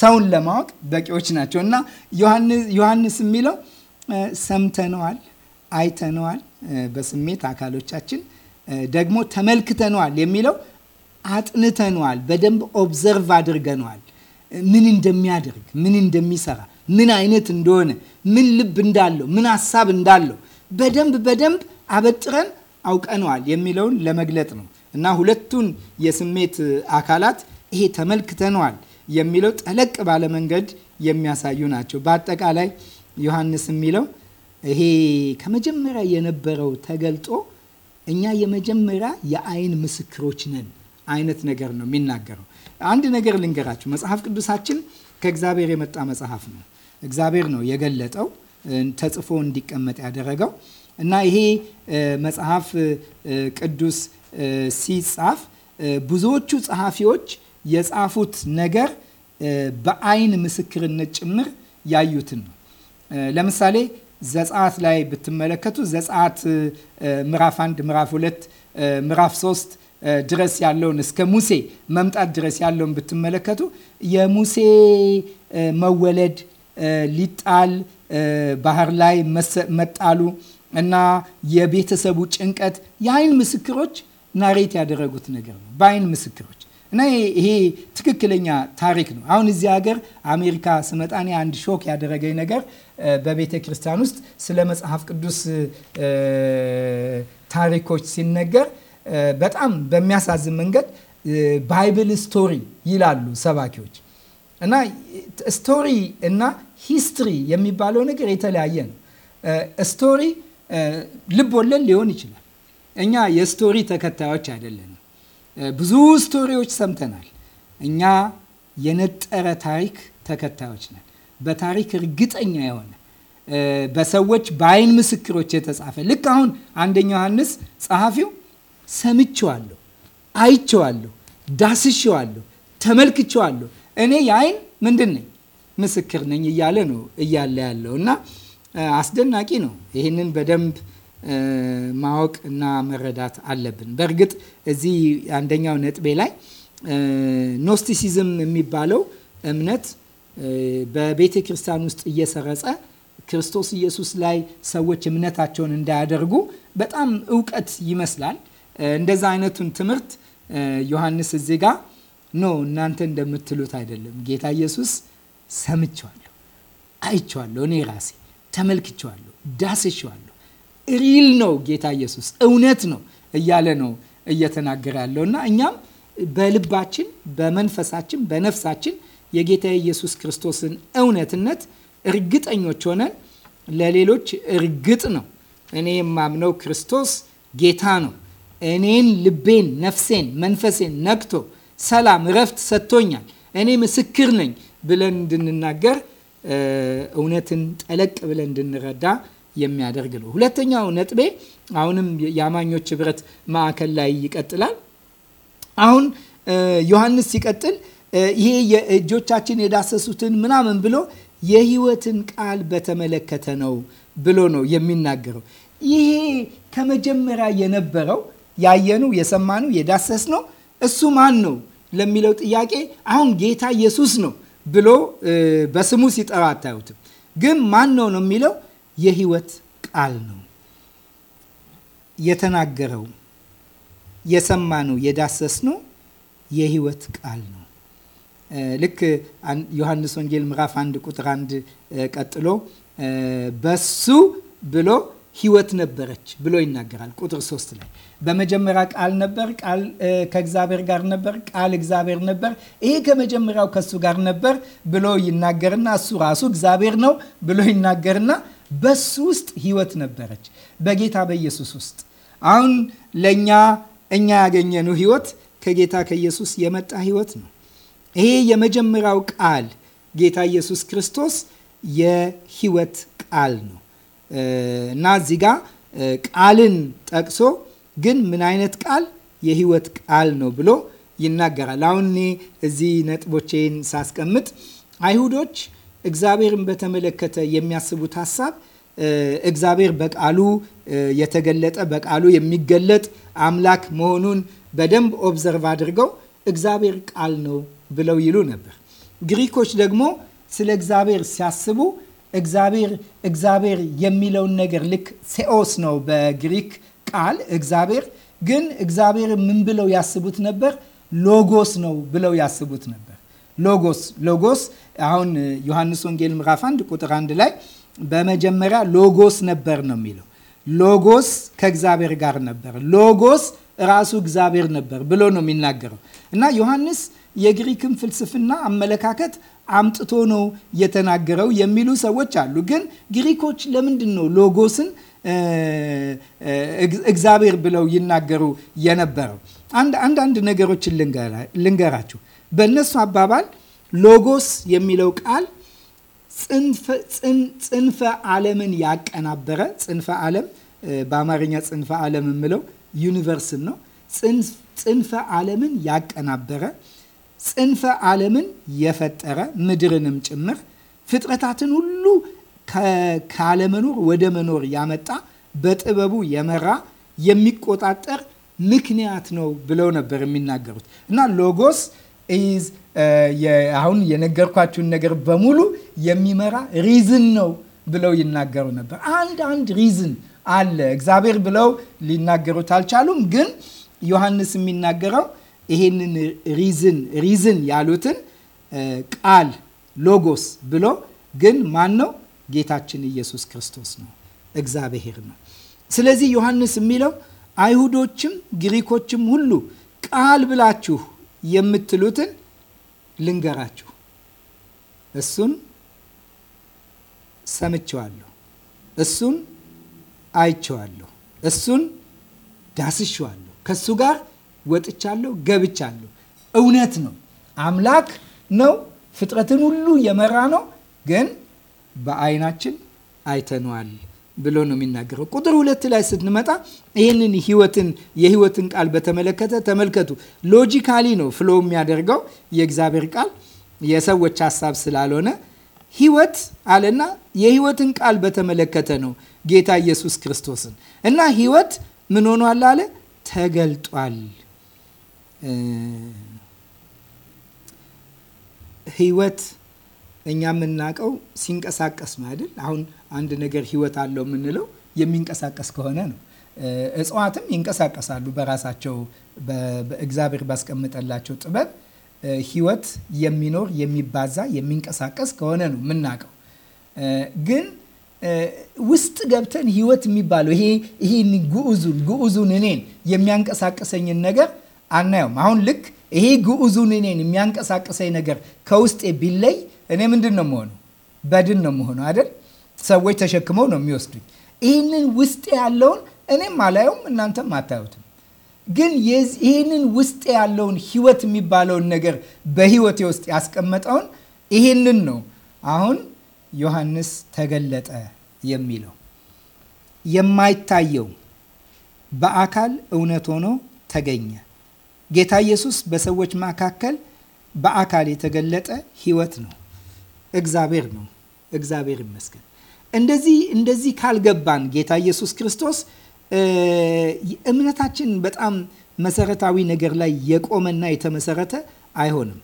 ሰውን ለማወቅ በቂዎች ናቸው እና ዮሐንስ የሚለው ሰምተነዋል፣ አይተነዋል በስሜት አካሎቻችን ደግሞ ተመልክተነዋል የሚለው አጥንተነዋል፣ በደንብ ኦብዘርቭ አድርገነዋል። ምን እንደሚያደርግ፣ ምን እንደሚሰራ፣ ምን አይነት እንደሆነ፣ ምን ልብ እንዳለው፣ ምን ሀሳብ እንዳለው በደንብ በደንብ አበጥረን አውቀነዋል የሚለውን ለመግለጥ ነው እና ሁለቱን የስሜት አካላት ይሄ ተመልክተነዋል የሚለው ጠለቅ ባለ መንገድ የሚያሳዩ ናቸው። በአጠቃላይ ዮሐንስ የሚለው ይሄ ከመጀመሪያ የነበረው ተገልጦ እኛ የመጀመሪያ የአይን ምስክሮች ነን አይነት ነገር ነው የሚናገረው። አንድ ነገር ልንገራችሁ። መጽሐፍ ቅዱሳችን ከእግዚአብሔር የመጣ መጽሐፍ ነው። እግዚአብሔር ነው የገለጠው፣ ተጽፎ እንዲቀመጥ ያደረገው እና ይሄ መጽሐፍ ቅዱስ ሲጻፍ ብዙዎቹ ጸሐፊዎች የጻፉት ነገር በአይን ምስክርነት ጭምር ያዩትን ነው። ለምሳሌ ዘጸአት ላይ ብትመለከቱ ዘጸአት ምዕራፍ አንድ ምዕራፍ ሁለት ምዕራፍ ሶስት ድረስ ያለውን እስከ ሙሴ መምጣት ድረስ ያለውን ብትመለከቱ የሙሴ መወለድ ሊጣል ባህር ላይ መጣሉ እና የቤተሰቡ ጭንቀት የአይን ምስክሮች ናሬት ያደረጉት ነገር ነው። በአይን ምስክሮች እና ይሄ ትክክለኛ ታሪክ ነው። አሁን እዚህ ሀገር አሜሪካ ስመጣኔ አንድ ሾክ ያደረገኝ ነገር በቤተ ክርስቲያን ውስጥ ስለ መጽሐፍ ቅዱስ ታሪኮች ሲነገር በጣም በሚያሳዝን መንገድ ባይብል ስቶሪ ይላሉ ሰባኪዎች እና ስቶሪ እና ሂስትሪ የሚባለው ነገር የተለያየ ነው። ስቶሪ ልብ ወለድ ሊሆን ይችላል። እኛ የስቶሪ ተከታዮች አይደለን። ብዙ ስቶሪዎች ሰምተናል። እኛ የነጠረ ታሪክ ተከታዮች ነን። በታሪክ እርግጠኛ የሆነ በሰዎች በአይን ምስክሮች የተጻፈ ልክ አሁን አንደኛ ዮሐንስ ጸሐፊው ሰምቼዋለሁ፣ አይቼዋለሁ፣ ዳስሼዋለሁ፣ ተመልክቼዋለሁ እኔ የአይን ምንድን ነኝ ምስክር ነኝ እያለ ነው እያለ ያለው እና አስደናቂ ነው። ይህንን በደንብ ማወቅ እና መረዳት አለብን። በእርግጥ እዚህ አንደኛው ነጥቤ ላይ ኖስቲሲዝም የሚባለው እምነት በቤተ ክርስቲያን ውስጥ እየሰረጸ ክርስቶስ ኢየሱስ ላይ ሰዎች እምነታቸውን እንዳያደርጉ በጣም እውቀት ይመስላል። እንደዛ አይነቱን ትምህርት ዮሐንስ እዚህ ጋ ኖ እናንተ እንደምትሉት አይደለም። ጌታ ኢየሱስ ሰምቸዋለሁ፣ አይቸዋለሁ፣ እኔ ራሴ ተመልክቸዋለሁ፣ ዳስሸዋለሁ ሪል ነው ጌታ ኢየሱስ እውነት ነው እያለ ነው እየተናገረ ያለው እና እኛም በልባችን በመንፈሳችን በነፍሳችን የጌታ ኢየሱስ ክርስቶስን እውነትነት እርግጠኞች ሆነን ለሌሎች እርግጥ ነው እኔ የማምነው ክርስቶስ ጌታ ነው፣ እኔን ልቤን፣ ነፍሴን፣ መንፈሴን ነክቶ ሰላም፣ እረፍት ሰጥቶኛል፣ እኔ ምስክር ነኝ ብለን እንድንናገር እውነትን ጠለቅ ብለን እንድንረዳ የሚያደርግ ነው። ሁለተኛው ነጥቤ አሁንም የአማኞች ህብረት ማዕከል ላይ ይቀጥላል። አሁን ዮሐንስ ሲቀጥል ይሄ የእጆቻችን የዳሰሱትን ምናምን ብሎ የህይወትን ቃል በተመለከተ ነው ብሎ ነው የሚናገረው። ይሄ ከመጀመሪያ የነበረው ያየኑ፣ የሰማነው የዳሰስ ነው እሱ ማን ነው ለሚለው ጥያቄ አሁን ጌታ ኢየሱስ ነው ብሎ በስሙ ሲጠራ አታዩትም። ግን ማን ነው ነው የሚለው የህይወት ቃል ነው የተናገረው የሰማ ነው የዳሰስ ነው። የህይወት ቃል ነው። ልክ ዮሐንስ ወንጌል ምዕራፍ አንድ ቁጥር አንድ ቀጥሎ በሱ ብሎ ህይወት ነበረች ብሎ ይናገራል። ቁጥር ሶስት ላይ በመጀመሪያ ቃል ነበር፣ ቃል ከእግዚአብሔር ጋር ነበር፣ ቃል እግዚአብሔር ነበር፣ ይሄ ከመጀመሪያው ከሱ ጋር ነበር ብሎ ይናገርና እሱ ራሱ እግዚአብሔር ነው ብሎ ይናገርና በሱ ውስጥ ህይወት ነበረች፣ በጌታ በኢየሱስ ውስጥ። አሁን ለእኛ እኛ ያገኘነው ህይወት ከጌታ ከኢየሱስ የመጣ ህይወት ነው። ይሄ የመጀመሪያው ቃል ጌታ ኢየሱስ ክርስቶስ የህይወት ቃል ነው እና እዚህ ጋ ቃልን ጠቅሶ ግን ምን አይነት ቃል የህይወት ቃል ነው ብሎ ይናገራል። አሁን እኔ እዚህ ነጥቦቼን ሳስቀምጥ አይሁዶች እግዚአብሔርን በተመለከተ የሚያስቡት ሀሳብ እግዚአብሔር በቃሉ የተገለጠ በቃሉ የሚገለጥ አምላክ መሆኑን በደንብ ኦብዘርቭ አድርገው እግዚአብሔር ቃል ነው ብለው ይሉ ነበር። ግሪኮች ደግሞ ስለ እግዚአብሔር ሲያስቡ እግዚአብሔር እግዚአብሔር የሚለውን ነገር ልክ ሴኦስ ነው በግሪክ ቃል እግዚአብሔር ግን እግዚአብሔር ምን ብለው ያስቡት ነበር? ሎጎስ ነው ብለው ያስቡት ነበር። ሎጎስ ሎጎስ አሁን ዮሐንስ ወንጌል ምዕራፍ 1 ቁጥር 1 ላይ በመጀመሪያ ሎጎስ ነበር ነው የሚለው። ሎጎስ ከእግዚአብሔር ጋር ነበር፣ ሎጎስ ራሱ እግዚአብሔር ነበር ብሎ ነው የሚናገረው እና ዮሐንስ የግሪክን ፍልስፍና አመለካከት አምጥቶ ነው የተናገረው የሚሉ ሰዎች አሉ። ግን ግሪኮች ለምንድን ነው ሎጎስን እግዚአብሔር ብለው ይናገሩ የነበረው? አንዳንድ ነገሮችን ልንገራችሁ። በእነሱ አባባል ሎጎስ የሚለው ቃል ጽንፈ ዓለምን ያቀናበረ ጽንፈ ዓለም በአማርኛ ጽንፈ ዓለም የምለው ዩኒቨርስን ነው። ጽንፈ ዓለምን ያቀናበረ ጽንፈ ዓለምን የፈጠረ ምድርንም ጭምር ፍጥረታትን ሁሉ ካለመኖር ወደ መኖር ያመጣ በጥበቡ የመራ የሚቆጣጠር ምክንያት ነው ብለው ነበር የሚናገሩት እና ሎጎስ ኢዝ uh, አሁን የነገርኳችሁን ነገር በሙሉ የሚመራ ሪዝን ነው ብለው ይናገሩ ነበር። አንድ አንድ ሪዝን አለ እግዚአብሔር ብለው ሊናገሩት አልቻሉም። ግን ዮሐንስ የሚናገረው ይሄንን ሪዝን ሪዝን ያሉትን uh, ቃል ሎጎስ ብሎ ግን ማን ነው? ጌታችን ኢየሱስ ክርስቶስ ነው፣ እግዚአብሔር ነው። ስለዚህ ዮሐንስ የሚለው አይሁዶችም ግሪኮችም ሁሉ ቃል ብላችሁ የምትሉትን ልንገራችሁ። እሱን ሰምቼዋለሁ፣ እሱን አይቼዋለሁ፣ እሱን ዳስሼዋለሁ፣ ከእሱ ጋር ወጥቻለሁ፣ ገብቻለሁ። እውነት ነው፣ አምላክ ነው፣ ፍጥረትን ሁሉ የመራ ነው። ግን በአይናችን አይተነዋል። ብሎ ነው የሚናገረው። ቁጥር ሁለት ላይ ስንመጣ ይህንን ህይወትን የህይወትን ቃል በተመለከተ ተመልከቱ። ሎጂካሊ ነው ፍሎ የሚያደርገው የእግዚአብሔር ቃል የሰዎች ሀሳብ ስላልሆነ ህይወት አለና የህይወትን ቃል በተመለከተ ነው ጌታ ኢየሱስ ክርስቶስን እና ህይወት ምን ሆኗል አለ ተገልጧል። ህይወት እኛ የምናውቀው ሲንቀሳቀስ ነው አይደል? አሁን አንድ ነገር ህይወት አለው የምንለው የሚንቀሳቀስ ከሆነ ነው። እጽዋትም ይንቀሳቀሳሉ በራሳቸው እግዚአብሔር ባስቀመጠላቸው ጥበብ ህይወት የሚኖር የሚባዛ የሚንቀሳቀስ ከሆነ ነው የምናውቀው። ግን ውስጥ ገብተን ህይወት የሚባለው ይሄ ይሄን ግዑዙን ግዑዙን እኔን የሚያንቀሳቅሰኝን ነገር አናየውም። አሁን ልክ ይሄ ግዑዙን እኔን የሚያንቀሳቅሰኝ ነገር ከውስጤ ቢለይ እኔ ምንድን ነው መሆኑ? በድን ነው መሆኑ አይደል? ሰዎች ተሸክመው ነው የሚወስዱኝ። ይህንን ውስጥ ያለውን እኔም አላየውም፣ እናንተም አታዩትም። ግን ይህንን ውስጥ ያለውን ህይወት የሚባለውን ነገር በህይወቴ ውስጥ ያስቀመጠውን ይህንን ነው አሁን ዮሐንስ ተገለጠ የሚለው የማይታየው በአካል እውነት ሆኖ ተገኘ። ጌታ ኢየሱስ በሰዎች መካከል በአካል የተገለጠ ህይወት ነው። እግዚአብሔር ነው። እግዚአብሔር ይመስገን። እንደዚህ እንደዚህ ካልገባን ጌታ ኢየሱስ ክርስቶስ እምነታችን በጣም መሰረታዊ ነገር ላይ የቆመና የተመሰረተ አይሆንም።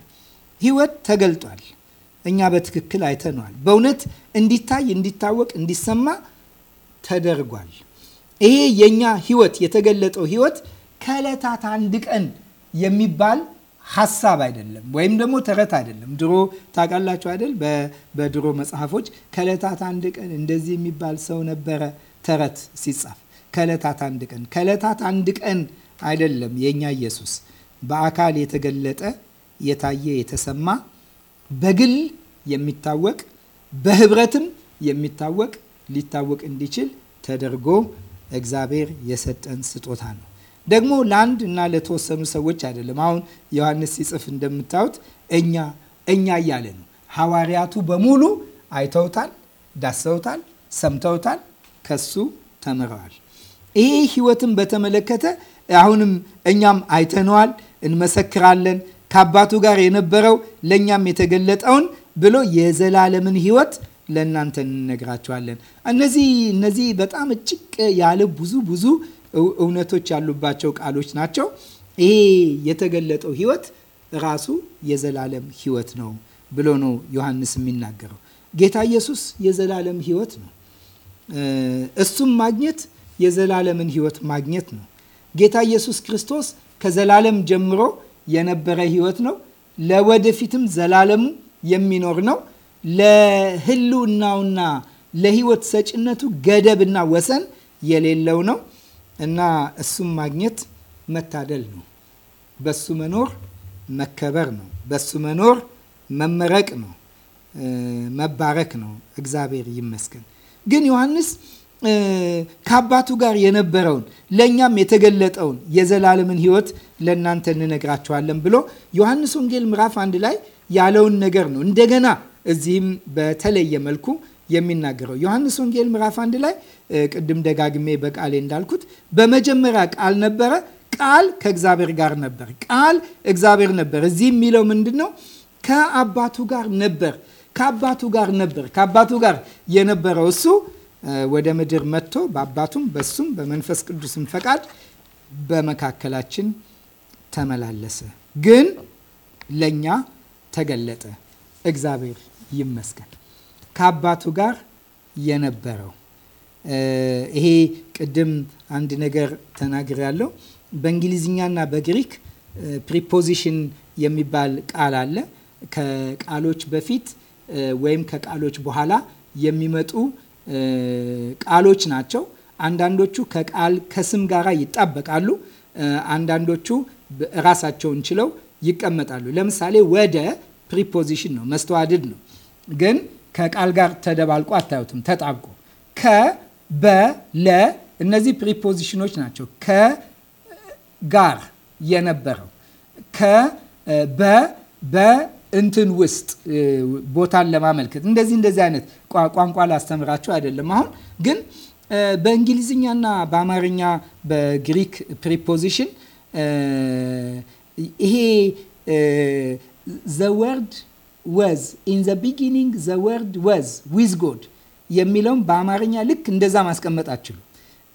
ህይወት ተገልጧል። እኛ በትክክል አይተነዋል። በእውነት እንዲታይ፣ እንዲታወቅ፣ እንዲሰማ ተደርጓል። ይሄ የእኛ ህይወት የተገለጠው ህይወት ከእለታት አንድ ቀን የሚባል ሀሳብ አይደለም፣ ወይም ደግሞ ተረት አይደለም። ድሮ ታውቃላችሁ አይደል? በድሮ መጽሐፎች ከለታት አንድ ቀን እንደዚህ የሚባል ሰው ነበረ ተረት ሲጻፍ ከለታት አንድ ቀን ከዕለታት አንድ ቀን አይደለም። የእኛ ኢየሱስ በአካል የተገለጠ የታየ የተሰማ በግል የሚታወቅ በህብረትም የሚታወቅ ሊታወቅ እንዲችል ተደርጎ እግዚአብሔር የሰጠን ስጦታ ነው። ደግሞ ለአንድ እና ለተወሰኑ ሰዎች አይደለም። አሁን ዮሐንስ ሲጽፍ እንደምታዩት እኛ እኛ እያለ ነው። ሐዋርያቱ በሙሉ አይተውታል፣ ዳሰውታል፣ ሰምተውታል፣ ከሱ ተምረዋል። ይሄ ህይወትን በተመለከተ አሁንም እኛም አይተነዋል፣ እንመሰክራለን ከአባቱ ጋር የነበረው ለእኛም የተገለጠውን ብሎ የዘላለምን ህይወት ለእናንተ እንነግራቸዋለን። እነዚህ እነዚህ በጣም እጭቅ ያለ ብዙ ብዙ እውነቶች ያሉባቸው ቃሎች ናቸው። ይሄ የተገለጠው ህይወት ራሱ የዘላለም ህይወት ነው ብሎ ነው ዮሐንስ የሚናገረው። ጌታ ኢየሱስ የዘላለም ህይወት ነው። እሱም ማግኘት የዘላለምን ህይወት ማግኘት ነው። ጌታ ኢየሱስ ክርስቶስ ከዘላለም ጀምሮ የነበረ ህይወት ነው። ለወደፊትም ዘላለሙ የሚኖር ነው። ለህልውናውና ለህይወት ሰጭነቱ ገደብና ወሰን የሌለው ነው። እና እሱም ማግኘት መታደል ነው። በሱ መኖር መከበር ነው። በሱ መኖር መመረቅ ነው፣ መባረክ ነው። እግዚአብሔር ይመስገን። ግን ዮሐንስ ከአባቱ ጋር የነበረውን ለእኛም የተገለጠውን የዘላለምን ሕይወት ለእናንተ እንነግራችኋለን ብሎ ዮሐንስ ወንጌል ምዕራፍ አንድ ላይ ያለውን ነገር ነው እንደገና እዚህም በተለየ መልኩ የሚናገረው። ዮሐንስ ወንጌል ምዕራፍ አንድ ላይ ቅድም ደጋግሜ በቃሌ እንዳልኩት በመጀመሪያ ቃል ነበረ፣ ቃል ከእግዚአብሔር ጋር ነበር፣ ቃል እግዚአብሔር ነበር። እዚህ የሚለው ምንድን ነው? ከአባቱ ጋር ነበር፣ ከአባቱ ጋር ነበር። ከአባቱ ጋር የነበረው እሱ ወደ ምድር መጥቶ በአባቱም በሱም በመንፈስ ቅዱስም ፈቃድ በመካከላችን ተመላለሰ፣ ግን ለእኛ ተገለጠ። እግዚአብሔር ይመስገን። ከአባቱ ጋር የነበረው ይሄ ቅድም አንድ ነገር ተናግር ያለው በእንግሊዝኛና በግሪክ ፕሪፖዚሽን የሚባል ቃል አለ። ከቃሎች በፊት ወይም ከቃሎች በኋላ የሚመጡ ቃሎች ናቸው። አንዳንዶቹ ከቃል ከስም ጋር ይጣበቃሉ። አንዳንዶቹ ራሳቸውን ችለው ይቀመጣሉ። ለምሳሌ ወደ ፕሪፖዚሽን ነው፣ መስተዋድድ ነው። ግን ከቃል ጋር ተደባልቆ አታዩትም፣ ተጣብቆ ከ በ ለ እነዚህ ፕሪፖዚሽኖች ናቸው። ከ ጋር የነበረው ከ በ በ እንትን ውስጥ ቦታን ለማመልከት እንደዚህ እንደዚህ አይነት ቋንቋ ላስተምራቸው አይደለም። አሁን ግን በእንግሊዝኛና በአማርኛ በግሪክ ፕሪፖዚሽን ይሄ ዘወርድ ወዝ ኢን ዘ ቢጊኒንግ ዘ ወርድ ወዝ ዊዝ ጎድ የሚለውን በአማርኛ ልክ እንደዛ ማስቀመጥ አትችሉ።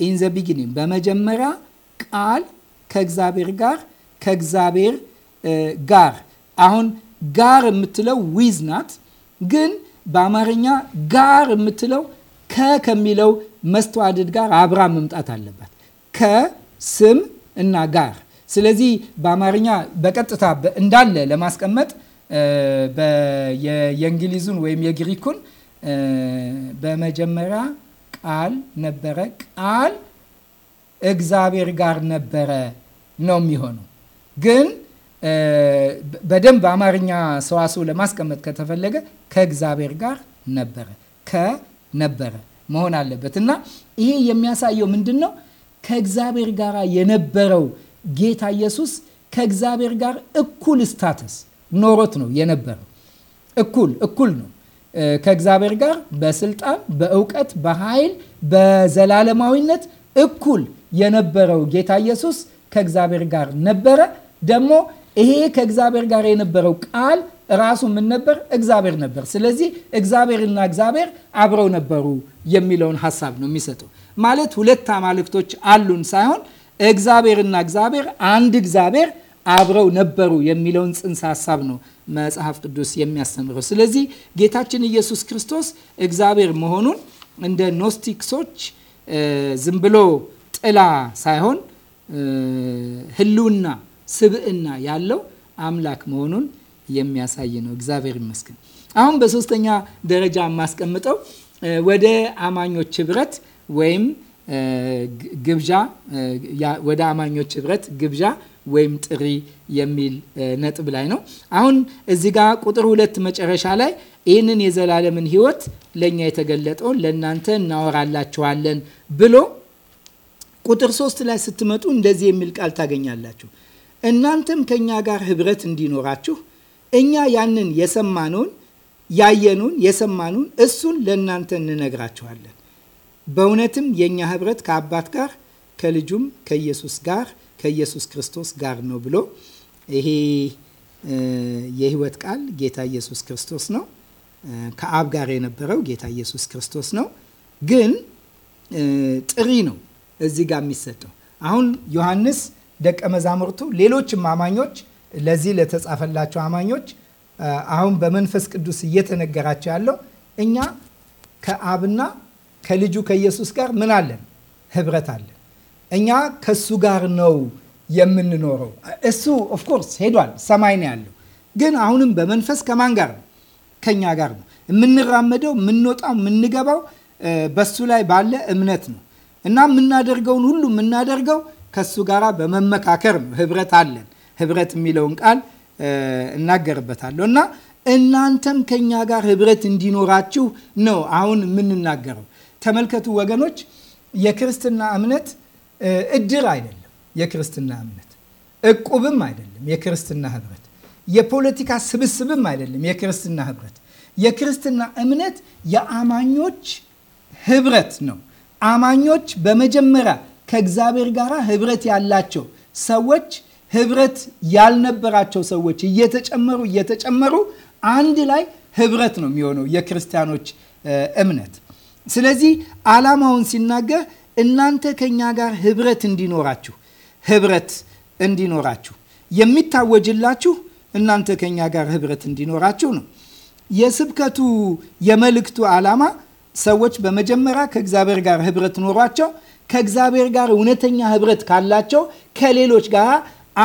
ኢን ዘ ቢጊኒንግ በመጀመሪያ ቃል ከእግዚአብሔር ጋር ከእግዚአብሔር ጋር አሁን ጋር የምትለው ዊዝ ናት። ግን በአማርኛ ጋር የምትለው ከ ከሚለው መስተዋድድ ጋር አብራ መምጣት አለባት። ከስም እና ጋር ስለዚህ በአማርኛ በቀጥታ እንዳለ ለማስቀመጥ የእንግሊዙን ወይም የግሪኩን በመጀመሪያ ቃል ነበረ፣ ቃል እግዚአብሔር ጋር ነበረ ነው የሚሆነው። ግን በደንብ አማርኛ ሰዋሱ ለማስቀመጥ ከተፈለገ ከእግዚአብሔር ጋር ነበረ፣ ከነበረ መሆን አለበት እና ይሄ የሚያሳየው ምንድን ነው? ከእግዚአብሔር ጋር የነበረው ጌታ ኢየሱስ ከእግዚአብሔር ጋር እኩል ስታተስ ኖሮት ነው የነበረው። እኩል እኩል ነው ከእግዚአብሔር ጋር በስልጣን በእውቀት በኃይል በዘላለማዊነት እኩል የነበረው ጌታ ኢየሱስ ከእግዚአብሔር ጋር ነበረ። ደግሞ ይሄ ከእግዚአብሔር ጋር የነበረው ቃል ራሱ ምን ነበር? እግዚአብሔር ነበር። ስለዚህ እግዚአብሔርና እግዚአብሔር አብረው ነበሩ የሚለውን ሀሳብ ነው የሚሰጠው። ማለት ሁለት አማልክቶች አሉን ሳይሆን እግዚአብሔርና እግዚአብሔር አንድ እግዚአብሔር አብረው ነበሩ የሚለውን ጽንሰ ሀሳብ ነው መጽሐፍ ቅዱስ የሚያስተምረው። ስለዚህ ጌታችን ኢየሱስ ክርስቶስ እግዚአብሔር መሆኑን እንደ ኖስቲክሶች ዝም ብሎ ጥላ ሳይሆን ህልውና ስብዕና ያለው አምላክ መሆኑን የሚያሳይ ነው። እግዚአብሔር ይመስገን። አሁን በሶስተኛ ደረጃ የማስቀምጠው ወደ አማኞች ህብረት ወይም ግብዣ ወደ አማኞች ህብረት ግብዣ ወይም ጥሪ የሚል ነጥብ ላይ ነው። አሁን እዚህ ጋ ቁጥር ሁለት መጨረሻ ላይ ይህንን የዘላለምን ህይወት ለእኛ የተገለጠውን ለእናንተ እናወራላችኋለን ብሎ ቁጥር ሶስት ላይ ስትመጡ እንደዚህ የሚል ቃል ታገኛላችሁ። እናንተም ከእኛ ጋር ህብረት እንዲኖራችሁ እኛ ያንን የሰማነውን ያየኑን የሰማኑን እሱን ለእናንተ እንነግራችኋለን በእውነትም የእኛ ህብረት ከአባት ጋር ከልጁም ከኢየሱስ ጋር ከኢየሱስ ክርስቶስ ጋር ነው ብሎ ይሄ የህይወት ቃል ጌታ ኢየሱስ ክርስቶስ ነው። ከአብ ጋር የነበረው ጌታ ኢየሱስ ክርስቶስ ነው። ግን ጥሪ ነው እዚህ ጋር የሚሰጠው። አሁን ዮሐንስ ደቀ መዛሙርቱ፣ ሌሎችም አማኞች ለዚህ ለተጻፈላቸው አማኞች አሁን በመንፈስ ቅዱስ እየተነገራቸው ያለው እኛ ከአብና ከልጁ ከኢየሱስ ጋር ምን አለን? ህብረት አለን። እኛ ከሱ ጋር ነው የምንኖረው። እሱ ኦፍኮርስ ሄዷል፣ ሰማይ ነው ያለው። ግን አሁንም በመንፈስ ከማን ጋር ነው? ከእኛ ጋር ነው የምንራመደው፣ የምንወጣው፣ የምንገባው በሱ ላይ ባለ እምነት ነው እና የምናደርገውን ሁሉ የምናደርገው ከሱ ጋር በመመካከር ነው። ህብረት አለን። ህብረት የሚለውን ቃል እናገርበታለሁ እና እናንተም ከኛ ጋር ህብረት እንዲኖራችሁ ነው አሁን የምንናገረው። ተመልከቱ ወገኖች፣ የክርስትና እምነት እድር አይደለም። የክርስትና እምነት እቁብም አይደለም። የክርስትና ህብረት የፖለቲካ ስብስብም አይደለም። የክርስትና ህብረት የክርስትና እምነት የአማኞች ህብረት ነው። አማኞች በመጀመሪያ ከእግዚአብሔር ጋር ህብረት ያላቸው ሰዎች ህብረት ያልነበራቸው ሰዎች እየተጨመሩ እየተጨመሩ አንድ ላይ ህብረት ነው የሚሆነው የክርስቲያኖች እምነት ስለዚህ ዓላማውን ሲናገር እናንተ ከእኛ ጋር ህብረት እንዲኖራችሁ ህብረት እንዲኖራችሁ የሚታወጅላችሁ እናንተ ከእኛ ጋር ህብረት እንዲኖራችሁ ነው። የስብከቱ የመልእክቱ ዓላማ ሰዎች በመጀመሪያ ከእግዚአብሔር ጋር ህብረት ኖሯቸው ከእግዚአብሔር ጋር እውነተኛ ህብረት ካላቸው ከሌሎች ጋር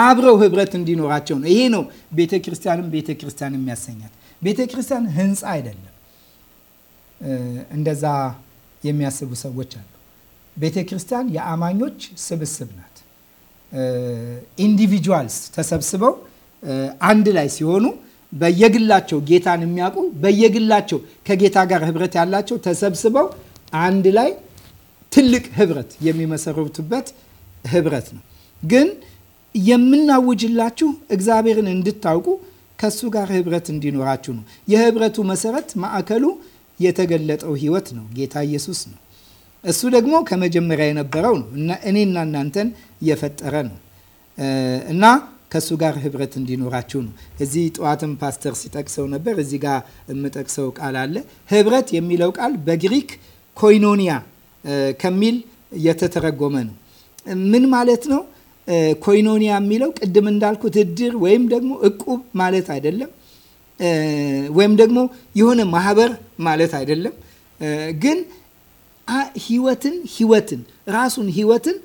አብረው ህብረት እንዲኖራቸው ነው። ይሄ ነው ቤተ ክርስቲያንም ቤተ ክርስቲያን የሚያሰኛት። ቤተ ክርስቲያን ህንፃ አይደለም። እንደዛ የሚያስቡ ሰዎች አሉ። ቤተ ክርስቲያን የአማኞች ስብስብ ናት። ኢንዲቪጁዋልስ ተሰብስበው አንድ ላይ ሲሆኑ በየግላቸው ጌታን የሚያውቁ በየግላቸው ከጌታ ጋር ህብረት ያላቸው ተሰብስበው አንድ ላይ ትልቅ ህብረት የሚመሰረቱበት ህብረት ነው። ግን የምናውጅላችሁ እግዚአብሔርን እንድታውቁ ከእሱ ጋር ህብረት እንዲኖራችሁ ነው። የህብረቱ መሰረት ማዕከሉ የተገለጠው ህይወት ነው። ጌታ ኢየሱስ ነው። እሱ ደግሞ ከመጀመሪያ የነበረው ነው እና እኔና እናንተን የፈጠረ ነው እና ከእሱ ጋር ህብረት እንዲኖራችሁ ነው። እዚህ ጠዋትም ፓስተር ሲጠቅሰው ነበር። እዚህ ጋር የምጠቅሰው ቃል አለ። ህብረት የሚለው ቃል በግሪክ ኮይኖኒያ ከሚል የተተረጎመ ነው። ምን ማለት ነው? ኮይኖኒያ የሚለው ቅድም እንዳልኩት እድር ወይም ደግሞ እቁብ ማለት አይደለም። ወይም ደግሞ የሆነ ማህበር ማለት አይደለም። ግን ህይወትን ህይወትን ራሱን ህይወትን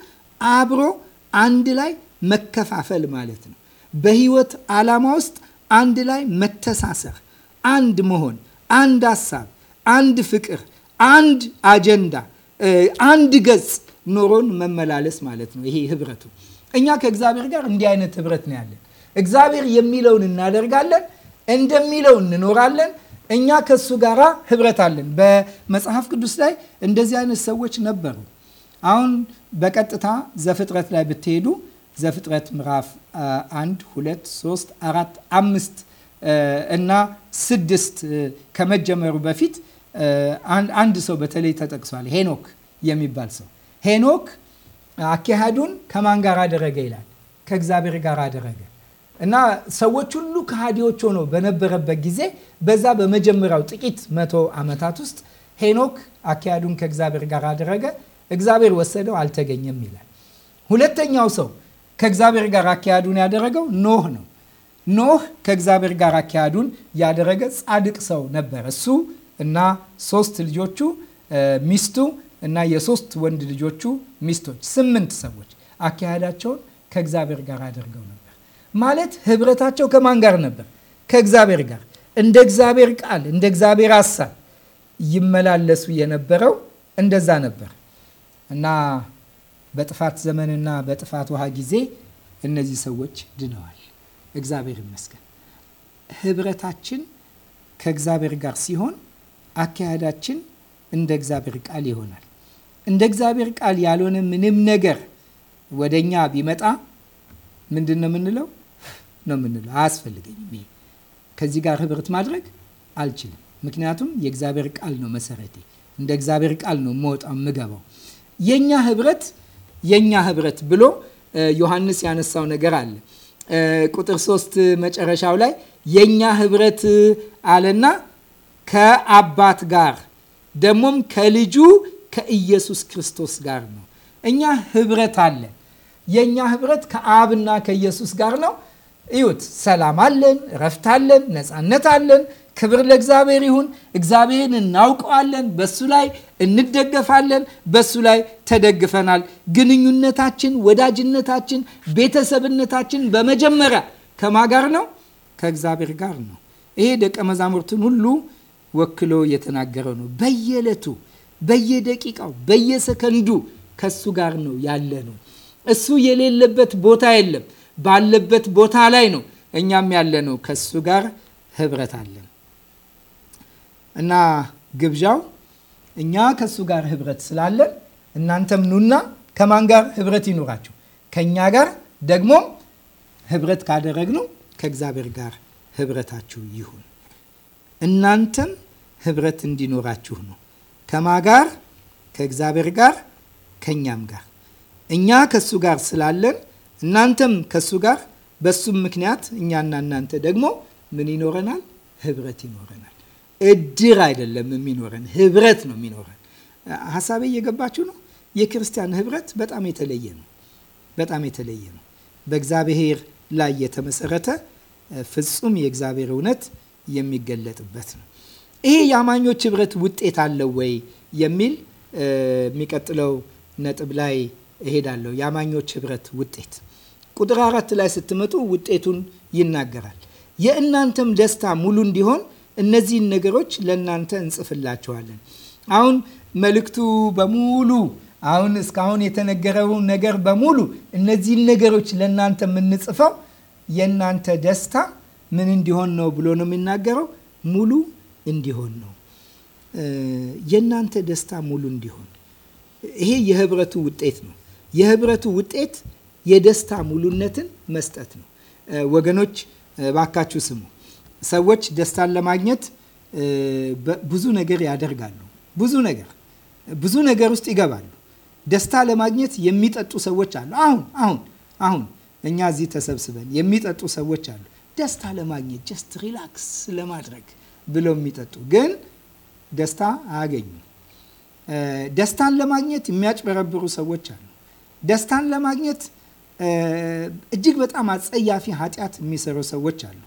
አብሮ አንድ ላይ መከፋፈል ማለት ነው። በህይወት ዓላማ ውስጥ አንድ ላይ መተሳሰር፣ አንድ መሆን፣ አንድ ሀሳብ፣ አንድ ፍቅር፣ አንድ አጀንዳ፣ አንድ ገጽ ኖሮን መመላለስ ማለት ነው። ይሄ ህብረቱ እኛ ከእግዚአብሔር ጋር እንዲህ አይነት ህብረት ነው ያለን። እግዚአብሔር የሚለውን እናደርጋለን እንደሚለው እንኖራለን። እኛ ከሱ ጋር ህብረት አለን። በመጽሐፍ ቅዱስ ላይ እንደዚህ አይነት ሰዎች ነበሩ። አሁን በቀጥታ ዘፍጥረት ላይ ብትሄዱ ዘፍጥረት ምዕራፍ አንድ ሁለት ሶስት አራት አምስት እና ስድስት ከመጀመሩ በፊት አንድ ሰው በተለይ ተጠቅሷል። ሄኖክ የሚባል ሰው ሄኖክ አካሄዱን ከማን ጋር አደረገ ይላል? ከእግዚአብሔር ጋር አደረገ። እና ሰዎች ሁሉ ከሃዲዎች ሆኖ በነበረበት ጊዜ በዛ በመጀመሪያው ጥቂት መቶ ዓመታት ውስጥ ሄኖክ አካሄዱን ከእግዚአብሔር ጋር አደረገ። እግዚአብሔር ወሰደው፣ አልተገኘም ይላል። ሁለተኛው ሰው ከእግዚአብሔር ጋር አካሄዱን ያደረገው ኖህ ነው። ኖህ ከእግዚአብሔር ጋር አካሄዱን ያደረገ ጻድቅ ሰው ነበር። እሱ እና ሶስት ልጆቹ ሚስቱ እና የሶስት ወንድ ልጆቹ ሚስቶች ስምንት ሰዎች አካሄዳቸውን ከእግዚአብሔር ጋር አድርገው ነው ማለት ህብረታቸው ከማን ጋር ነበር? ከእግዚአብሔር ጋር። እንደ እግዚአብሔር ቃል፣ እንደ እግዚአብሔር ሀሳብ ይመላለሱ የነበረው እንደዛ ነበር እና በጥፋት ዘመንና በጥፋት ውሃ ጊዜ እነዚህ ሰዎች ድነዋል። እግዚአብሔር ይመስገን። ህብረታችን ከእግዚአብሔር ጋር ሲሆን አካሄዳችን እንደ እግዚአብሔር ቃል ይሆናል። እንደ እግዚአብሔር ቃል ያልሆነ ምንም ነገር ወደኛ ቢመጣ ምንድን ነው የምንለው? ነው የምንለው። አያስፈልገኝም። ከዚህ ጋር ህብረት ማድረግ አልችልም። ምክንያቱም የእግዚአብሔር ቃል ነው መሰረቴ። እንደ እግዚአብሔር ቃል ነው መወጣው ምገባው። የእኛ ህብረት የእኛ ህብረት ብሎ ዮሐንስ ያነሳው ነገር አለ። ቁጥር ሶስት መጨረሻው ላይ የእኛ ህብረት አለና ከአባት ጋር ደግሞም ከልጁ ከኢየሱስ ክርስቶስ ጋር ነው። እኛ ህብረት አለ። የእኛ ህብረት ከአብና ከኢየሱስ ጋር ነው። እዩት። ሰላም አለን፣ እረፍት አለን፣ ነፃነት አለን። ክብር ለእግዚአብሔር ይሁን። እግዚአብሔርን እናውቀዋለን፣ በሱ ላይ እንደገፋለን፣ በሱ ላይ ተደግፈናል። ግንኙነታችን፣ ወዳጅነታችን፣ ቤተሰብነታችን በመጀመሪያ ከማ ጋር ነው? ከእግዚአብሔር ጋር ነው። ይሄ ደቀ መዛሙርትን ሁሉ ወክሎ የተናገረ ነው። በየዕለቱ፣ በየደቂቃው፣ በየሰከንዱ ከሱ ጋር ነው ያለ ነው። እሱ የሌለበት ቦታ የለም። ባለበት ቦታ ላይ ነው እኛም ያለነው። ከሱ ጋር ህብረት አለን እና ግብዣው እኛ ከሱ ጋር ህብረት ስላለን እናንተም ኑና ከማን ጋር ህብረት ይኖራችሁ ከእኛ ጋር ደግሞ ህብረት ካደረግነው ከእግዚአብሔር ጋር ህብረታችሁ ይሁን። እናንተም ህብረት እንዲኖራችሁ ነው። ከማ ጋር? ከእግዚአብሔር ጋር፣ ከእኛም ጋር። እኛ ከሱ ጋር ስላለን እናንተም ከእሱ ጋር በሱም ምክንያት እኛና እናንተ ደግሞ ምን ይኖረናል? ህብረት ይኖረናል። እድር አይደለም የሚኖረን፣ ህብረት ነው የሚኖረን። ሀሳቤ እየገባችሁ ነው? የክርስቲያን ህብረት በጣም የተለየ ነው። በጣም የተለየ ነው። በእግዚአብሔር ላይ የተመሰረተ ፍጹም የእግዚአብሔር እውነት የሚገለጥበት ነው። ይሄ የአማኞች ህብረት ውጤት አለው ወይ የሚል የሚቀጥለው ነጥብ ላይ እሄዳለሁ። የአማኞች ህብረት ውጤት ቁጥር አራት ላይ ስትመጡ ውጤቱን ይናገራል። የእናንተም ደስታ ሙሉ እንዲሆን እነዚህን ነገሮች ለእናንተ እንጽፍላችኋለን። አሁን መልእክቱ በሙሉ አሁን እስካሁን የተነገረው ነገር በሙሉ እነዚህን ነገሮች ለእናንተ የምንጽፈው የእናንተ ደስታ ምን እንዲሆን ነው ብሎ ነው የሚናገረው። ሙሉ እንዲሆን ነው። የእናንተ ደስታ ሙሉ እንዲሆን፣ ይሄ የህብረቱ ውጤት ነው። የህብረቱ ውጤት የደስታ ሙሉነትን መስጠት ነው። ወገኖች ባካችሁ ስሙ። ሰዎች ደስታን ለማግኘት ብዙ ነገር ያደርጋሉ። ብዙ ነገር ብዙ ነገር ውስጥ ይገባሉ። ደስታ ለማግኘት የሚጠጡ ሰዎች አሉ። አሁን አሁን አሁን እኛ እዚህ ተሰብስበን የሚጠጡ ሰዎች አሉ። ደስታ ለማግኘት ጀስት ሪላክስ ለማድረግ ብለው የሚጠጡ ግን ደስታ አያገኙ። ደስታን ለማግኘት የሚያጭበረብሩ ሰዎች አሉ። ደስታን ለማግኘት እጅግ በጣም አጸያፊ ኃጢአት የሚሰሩ ሰዎች አሉ።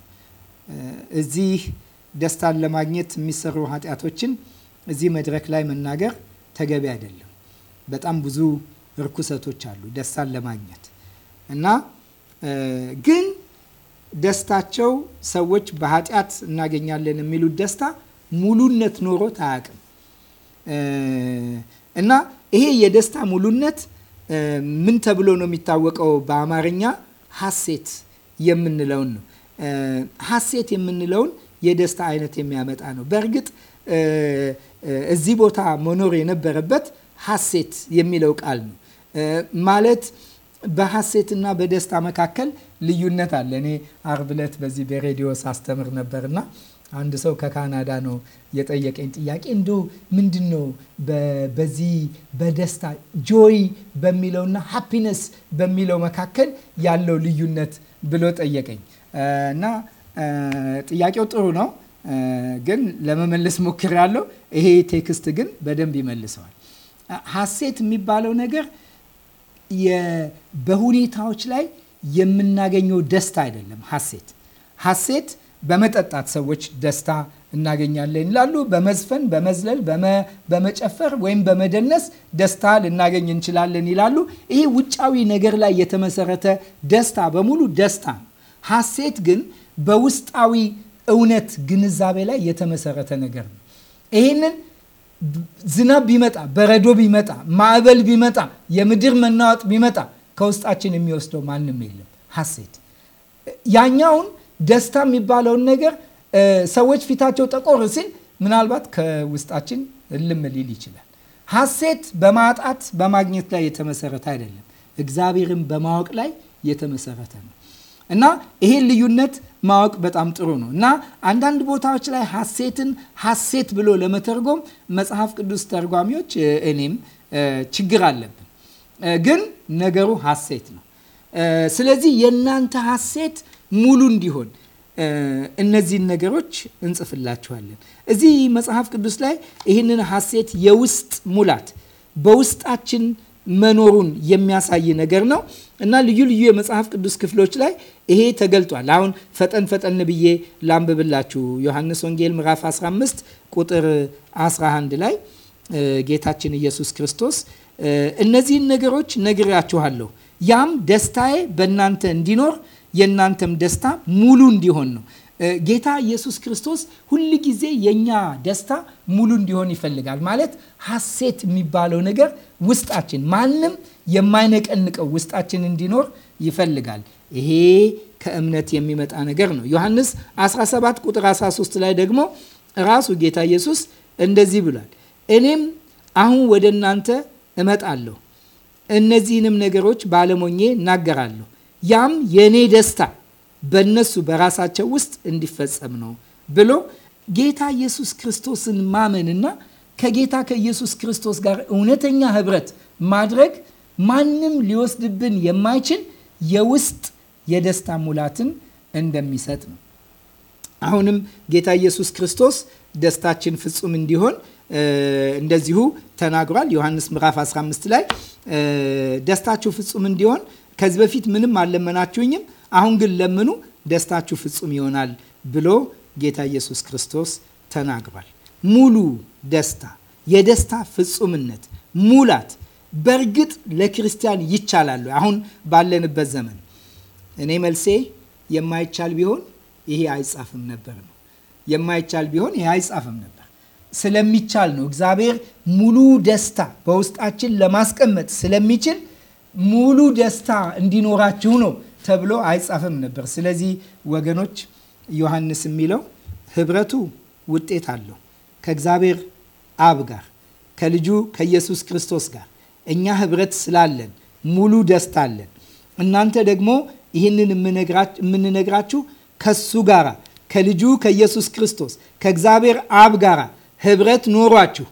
እዚህ ደስታን ለማግኘት የሚሰሩ ኃጢአቶችን እዚህ መድረክ ላይ መናገር ተገቢ አይደለም። በጣም ብዙ እርኩሰቶች አሉ ደስታን ለማግኘት እና ግን ደስታቸው ሰዎች በኃጢአት እናገኛለን የሚሉት ደስታ ሙሉነት ኖሮት አያውቅም እና ይሄ የደስታ ሙሉነት ምን ተብሎ ነው የሚታወቀው? በአማርኛ ሀሴት የምንለውን ነው። ሀሴት የምንለውን የደስታ አይነት የሚያመጣ ነው። በእርግጥ እዚህ ቦታ መኖር የነበረበት ሀሴት የሚለው ቃል ነው። ማለት በሀሴትና በደስታ መካከል ልዩነት አለ። እኔ አርብ ዕለት በዚህ በሬዲዮ ሳስተምር ነበርና አንድ ሰው ከካናዳ ነው የጠየቀኝ ጥያቄ እንዲሁ ምንድን ነው በዚህ በደስታ ጆይ በሚለውና ሃፒነስ በሚለው መካከል ያለው ልዩነት ብሎ ጠየቀኝ እና ጥያቄው ጥሩ ነው ግን ለመመለስ ያለው ይሄ ቴክስት ግን በደንብ ይመልሰዋል። ሀሴት የሚባለው ነገር በሁኔታዎች ላይ የምናገኘው ደስታ አይደለም። ሀሴት ሀሴት በመጠጣት ሰዎች ደስታ እናገኛለን ይላሉ። በመዝፈን፣ በመዝለል፣ በመጨፈር ወይም በመደነስ ደስታ ልናገኝ እንችላለን ይላሉ። ይህ ውጫዊ ነገር ላይ የተመሰረተ ደስታ በሙሉ ደስታ ነው። ሐሴት ግን በውስጣዊ እውነት ግንዛቤ ላይ የተመሰረተ ነገር ነው። ይህንን ዝናብ ቢመጣ፣ በረዶ ቢመጣ፣ ማዕበል ቢመጣ፣ የምድር መናወጥ ቢመጣ ከውስጣችን የሚወስደው ማንም የለም ሐሴት ያኛውን ደስታ የሚባለውን ነገር ሰዎች ፊታቸው ጠቆር ሲል ምናልባት ከውስጣችን እልም ሊል ይችላል። ሐሴት በማጣት በማግኘት ላይ የተመሰረተ አይደለም። እግዚአብሔርን በማወቅ ላይ የተመሰረተ ነው እና ይሄን ልዩነት ማወቅ በጣም ጥሩ ነው እና አንዳንድ ቦታዎች ላይ ሐሴትን ሐሴት ብሎ ለመተርጎም መጽሐፍ ቅዱስ ተርጓሚዎች እኔም ችግር አለብን፣ ግን ነገሩ ሐሴት ነው። ስለዚህ የእናንተ ሐሴት ሙሉ እንዲሆን እነዚህን ነገሮች እንጽፍላችኋለን። እዚህ መጽሐፍ ቅዱስ ላይ ይህንን ሐሴት የውስጥ ሙላት በውስጣችን መኖሩን የሚያሳይ ነገር ነው እና ልዩ ልዩ የመጽሐፍ ቅዱስ ክፍሎች ላይ ይሄ ተገልጧል። አሁን ፈጠን ፈጠን ብዬ ላንብብላችሁ። ዮሐንስ ወንጌል ምዕራፍ 15 ቁጥር 11 ላይ ጌታችን ኢየሱስ ክርስቶስ እነዚህን ነገሮች ነግራችኋለሁ፣ ያም ደስታዬ በእናንተ እንዲኖር የእናንተም ደስታ ሙሉ እንዲሆን ነው። ጌታ ኢየሱስ ክርስቶስ ሁል ጊዜ የእኛ ደስታ ሙሉ እንዲሆን ይፈልጋል። ማለት ሐሴት የሚባለው ነገር ውስጣችን ማንም የማይነቀንቀው ውስጣችን እንዲኖር ይፈልጋል። ይሄ ከእምነት የሚመጣ ነገር ነው። ዮሐንስ 17 ቁጥር 13 ላይ ደግሞ ራሱ ጌታ ኢየሱስ እንደዚህ ብሏል፣ እኔም አሁን ወደ እናንተ እመጣለሁ፣ እነዚህንም ነገሮች ባለሞኜ እናገራለሁ ያም የእኔ ደስታ በእነሱ በራሳቸው ውስጥ እንዲፈጸም ነው ብሎ ጌታ ኢየሱስ ክርስቶስን ማመንና ከጌታ ከኢየሱስ ክርስቶስ ጋር እውነተኛ ህብረት ማድረግ ማንም ሊወስድብን የማይችል የውስጥ የደስታ ሙላትን እንደሚሰጥ ነው። አሁንም ጌታ ኢየሱስ ክርስቶስ ደስታችን ፍጹም እንዲሆን እንደዚሁ ተናግሯል። ዮሐንስ ምዕራፍ 15 ላይ ደስታችሁ ፍጹም እንዲሆን ከዚህ በፊት ምንም አልለመናችሁኝም፣ አሁን ግን ለምኑ፣ ደስታችሁ ፍጹም ይሆናል ብሎ ጌታ ኢየሱስ ክርስቶስ ተናግሯል። ሙሉ ደስታ፣ የደስታ ፍጹምነት፣ ሙላት በእርግጥ ለክርስቲያን ይቻላሉ። አሁን ባለንበት ዘመን እኔ መልሴ የማይቻል ቢሆን ይሄ አይጻፍም ነበር ነው። የማይቻል ቢሆን ይሄ አይጻፍም ነበር። ስለሚቻል ነው። እግዚአብሔር ሙሉ ደስታ በውስጣችን ለማስቀመጥ ስለሚችል ሙሉ ደስታ እንዲኖራችሁ ነው ተብሎ አይጻፍም ነበር። ስለዚህ ወገኖች ዮሐንስ የሚለው ህብረቱ ውጤት አለው ከእግዚአብሔር አብ ጋር ከልጁ ከኢየሱስ ክርስቶስ ጋር እኛ ህብረት ስላለን ሙሉ ደስታ አለን። እናንተ ደግሞ ይህንን የምንነግራችሁ ከሱ ጋር ከልጁ ከኢየሱስ ክርስቶስ ከእግዚአብሔር አብ ጋር ህብረት ኖሯችሁ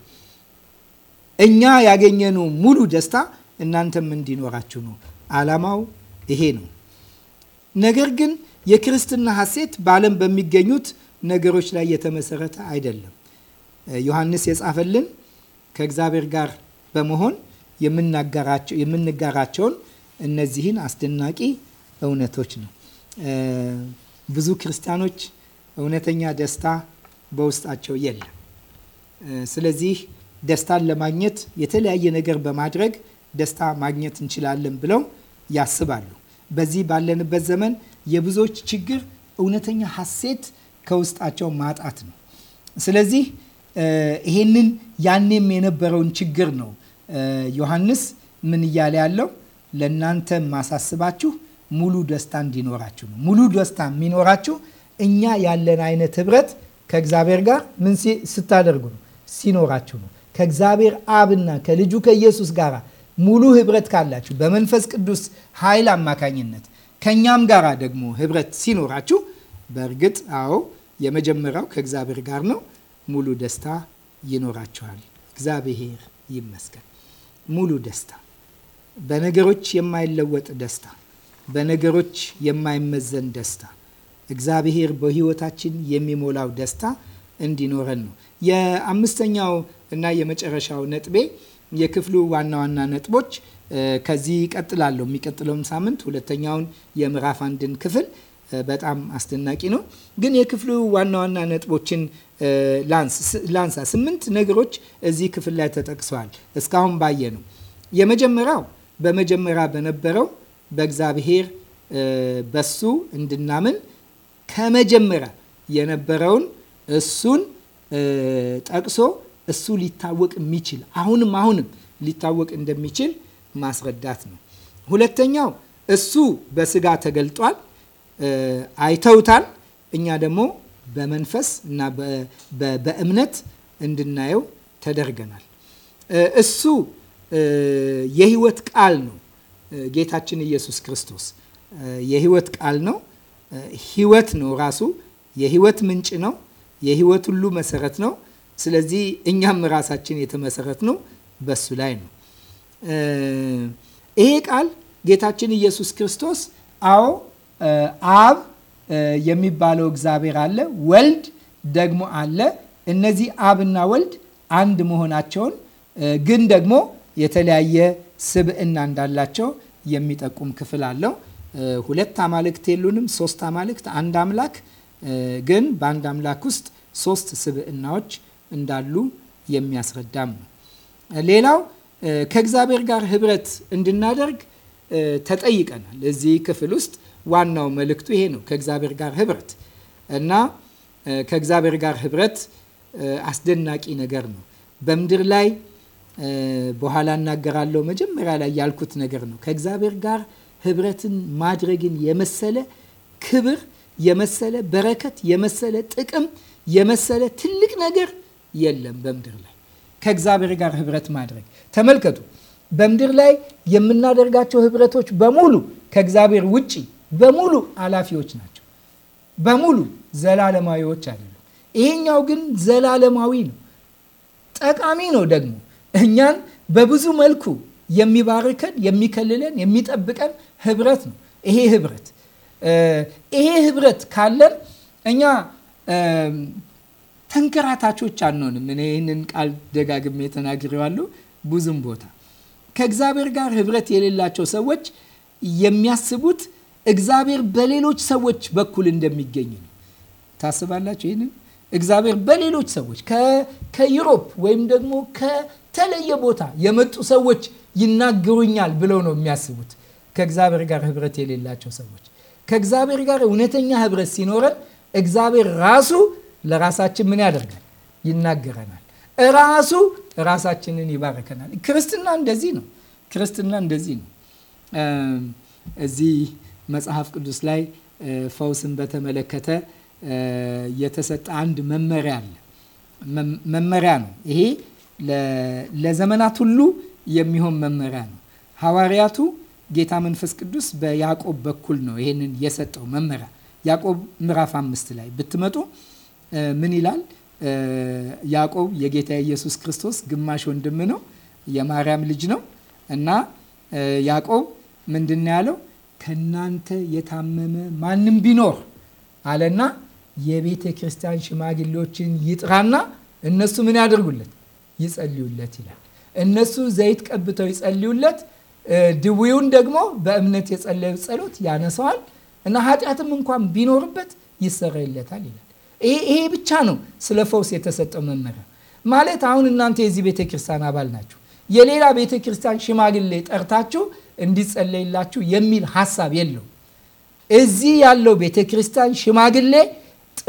እኛ ያገኘነው ሙሉ ደስታ እናንተም እንዲኖራችሁ ነው። ዓላማው ይሄ ነው። ነገር ግን የክርስትና ሐሴት በዓለም በሚገኙት ነገሮች ላይ የተመሰረተ አይደለም። ዮሐንስ የጻፈልን ከእግዚአብሔር ጋር በመሆን የምንጋራቸውን እነዚህን አስደናቂ እውነቶች ነው። ብዙ ክርስቲያኖች እውነተኛ ደስታ በውስጣቸው የለም። ስለዚህ ደስታን ለማግኘት የተለያየ ነገር በማድረግ ደስታ ማግኘት እንችላለን ብለው ያስባሉ። በዚህ ባለንበት ዘመን የብዙዎች ችግር እውነተኛ ሐሴት ከውስጣቸው ማጣት ነው። ስለዚህ ይሄንን ያኔም የነበረውን ችግር ነው ዮሐንስ ምን እያለ ያለው ለእናንተ ማሳስባችሁ ሙሉ ደስታ እንዲኖራችሁ ነው። ሙሉ ደስታ የሚኖራችሁ እኛ ያለን አይነት ህብረት ከእግዚአብሔር ጋር ምን ስታደርጉ ነው? ሲኖራችሁ ነው። ከእግዚአብሔር አብና ከልጁ ከኢየሱስ ጋር ሙሉ ህብረት ካላችሁ በመንፈስ ቅዱስ ኃይል አማካኝነት ከእኛም ጋር ደግሞ ህብረት ሲኖራችሁ በእርግጥ አዎ የመጀመሪያው ከእግዚአብሔር ጋር ነው። ሙሉ ደስታ ይኖራችኋል። እግዚአብሔር ይመስገን። ሙሉ ደስታ፣ በነገሮች የማይለወጥ ደስታ፣ በነገሮች የማይመዘን ደስታ፣ እግዚአብሔር በህይወታችን የሚሞላው ደስታ እንዲኖረን ነው። የአምስተኛው እና የመጨረሻው ነጥቤ የክፍሉ ዋና ዋና ነጥቦች ከዚህ ይቀጥላለሁ የሚቀጥለውን ሳምንት ሁለተኛውን የምዕራፍ አንድን ክፍል በጣም አስደናቂ ነው። ግን የክፍሉ ዋና ዋና ነጥቦችን ላንሳ። ስምንት ነገሮች እዚህ ክፍል ላይ ተጠቅሰዋል። እስካሁን ባየ ነው። የመጀመሪያው በመጀመሪያ በነበረው በእግዚአብሔር በሱ እንድናምን ከመጀመሪያ የነበረውን እሱን ጠቅሶ እሱ ሊታወቅ የሚችል አሁንም አሁንም ሊታወቅ እንደሚችል ማስረዳት ነው። ሁለተኛው እሱ በስጋ ተገልጧል፣ አይተውታል። እኛ ደግሞ በመንፈስ እና በእምነት እንድናየው ተደርገናል። እሱ የህይወት ቃል ነው። ጌታችን ኢየሱስ ክርስቶስ የህይወት ቃል ነው። ህይወት ነው ራሱ የህይወት ምንጭ ነው። የህይወት ሁሉ መሰረት ነው። ስለዚህ እኛም ራሳችን የተመሰረት ነው በሱ ላይ ነው። ይሄ ቃል ጌታችን ኢየሱስ ክርስቶስ አዎ አብ የሚባለው እግዚአብሔር አለ፣ ወልድ ደግሞ አለ። እነዚህ አብና ወልድ አንድ መሆናቸውን ግን ደግሞ የተለያየ ስብዕና እንዳላቸው የሚጠቁም ክፍል አለው። ሁለት አማልክት የሉንም፣ ሶስት አማልክት፣ አንድ አምላክ ግን በአንድ አምላክ ውስጥ ሶስት ስብዕናዎች እንዳሉ የሚያስረዳም ነው። ሌላው ከእግዚአብሔር ጋር ህብረት እንድናደርግ ተጠይቀናል። እዚህ ክፍል ውስጥ ዋናው መልእክቱ ይሄ ነው። ከእግዚአብሔር ጋር ህብረት እና ከእግዚአብሔር ጋር ህብረት አስደናቂ ነገር ነው። በምድር ላይ በኋላ እናገራለሁ። መጀመሪያ ላይ ያልኩት ነገር ነው። ከእግዚአብሔር ጋር ህብረትን ማድረግን የመሰለ ክብር፣ የመሰለ በረከት፣ የመሰለ ጥቅም፣ የመሰለ ትልቅ ነገር የለም በምድር ላይ ከእግዚአብሔር ጋር ህብረት ማድረግ። ተመልከቱ፣ በምድር ላይ የምናደርጋቸው ህብረቶች በሙሉ ከእግዚአብሔር ውጪ በሙሉ አላፊዎች ናቸው። በሙሉ ዘላለማዊዎች አይደሉም። ይሄኛው ግን ዘላለማዊ ነው። ጠቃሚ ነው። ደግሞ እኛን በብዙ መልኩ የሚባርከን፣ የሚከልለን፣ የሚጠብቀን ህብረት ነው። ይሄ ህብረት ይሄ ህብረት ካለን እኛ ተንከራታቾች አንሆንም። እኔ ይህንን ቃል ደጋግሜ ተናግሬዋለሁ ብዙም ቦታ። ከእግዚአብሔር ጋር ህብረት የሌላቸው ሰዎች የሚያስቡት እግዚአብሔር በሌሎች ሰዎች በኩል እንደሚገኝ ነው። ታስባላችሁ? ይህንን እግዚአብሔር በሌሎች ሰዎች ከዩሮፕ ወይም ደግሞ ከተለየ ቦታ የመጡ ሰዎች ይናገሩኛል ብለው ነው የሚያስቡት። ከእግዚአብሔር ጋር ህብረት የሌላቸው ሰዎች ከእግዚአብሔር ጋር እውነተኛ ህብረት ሲኖረን እግዚአብሔር ራሱ ለራሳችን ምን ያደርጋል? ይናገረናል። እራሱ ራሳችንን ይባርከናል። ክርስትና እንደዚህ ነው። ክርስትና እንደዚህ ነው። እዚህ መጽሐፍ ቅዱስ ላይ ፈውስን በተመለከተ የተሰጠ አንድ መመሪያ አለ። መመሪያ ነው ይሄ ለዘመናት ሁሉ የሚሆን መመሪያ ነው። ሐዋርያቱ ጌታ መንፈስ ቅዱስ በያዕቆብ በኩል ነው ይህንን የሰጠው መመሪያ። ያዕቆብ ምዕራፍ አምስት ላይ ብትመጡ ምን ይላል? ያዕቆብ የጌታ ኢየሱስ ክርስቶስ ግማሽ ወንድም ነው፣ የማርያም ልጅ ነው እና ያዕቆብ ምንድን ነው ያለው? ከናንተ የታመመ ማንም ቢኖር አለና የቤተ ክርስቲያን ሽማግሌዎችን ይጥራና እነሱ ምን ያደርጉለት? ይጸልዩለት ይላል። እነሱ ዘይት ቀብተው ይጸልዩለት። ድዌውን ደግሞ በእምነት የጸለዩ ጸሎት ያነሰዋል እና ኃጢአትም እንኳን ቢኖርበት ይሰረይለታል ይላል። ይሄ ብቻ ነው ስለ ፈውስ የተሰጠው መመሪያ። ማለት አሁን እናንተ የዚህ ቤተ ክርስቲያን አባል ናችሁ። የሌላ ቤተ ክርስቲያን ሽማግሌ ጠርታችሁ እንዲጸለይላችሁ የሚል ሀሳብ የለው። እዚህ ያለው ቤተ ክርስቲያን ሽማግሌ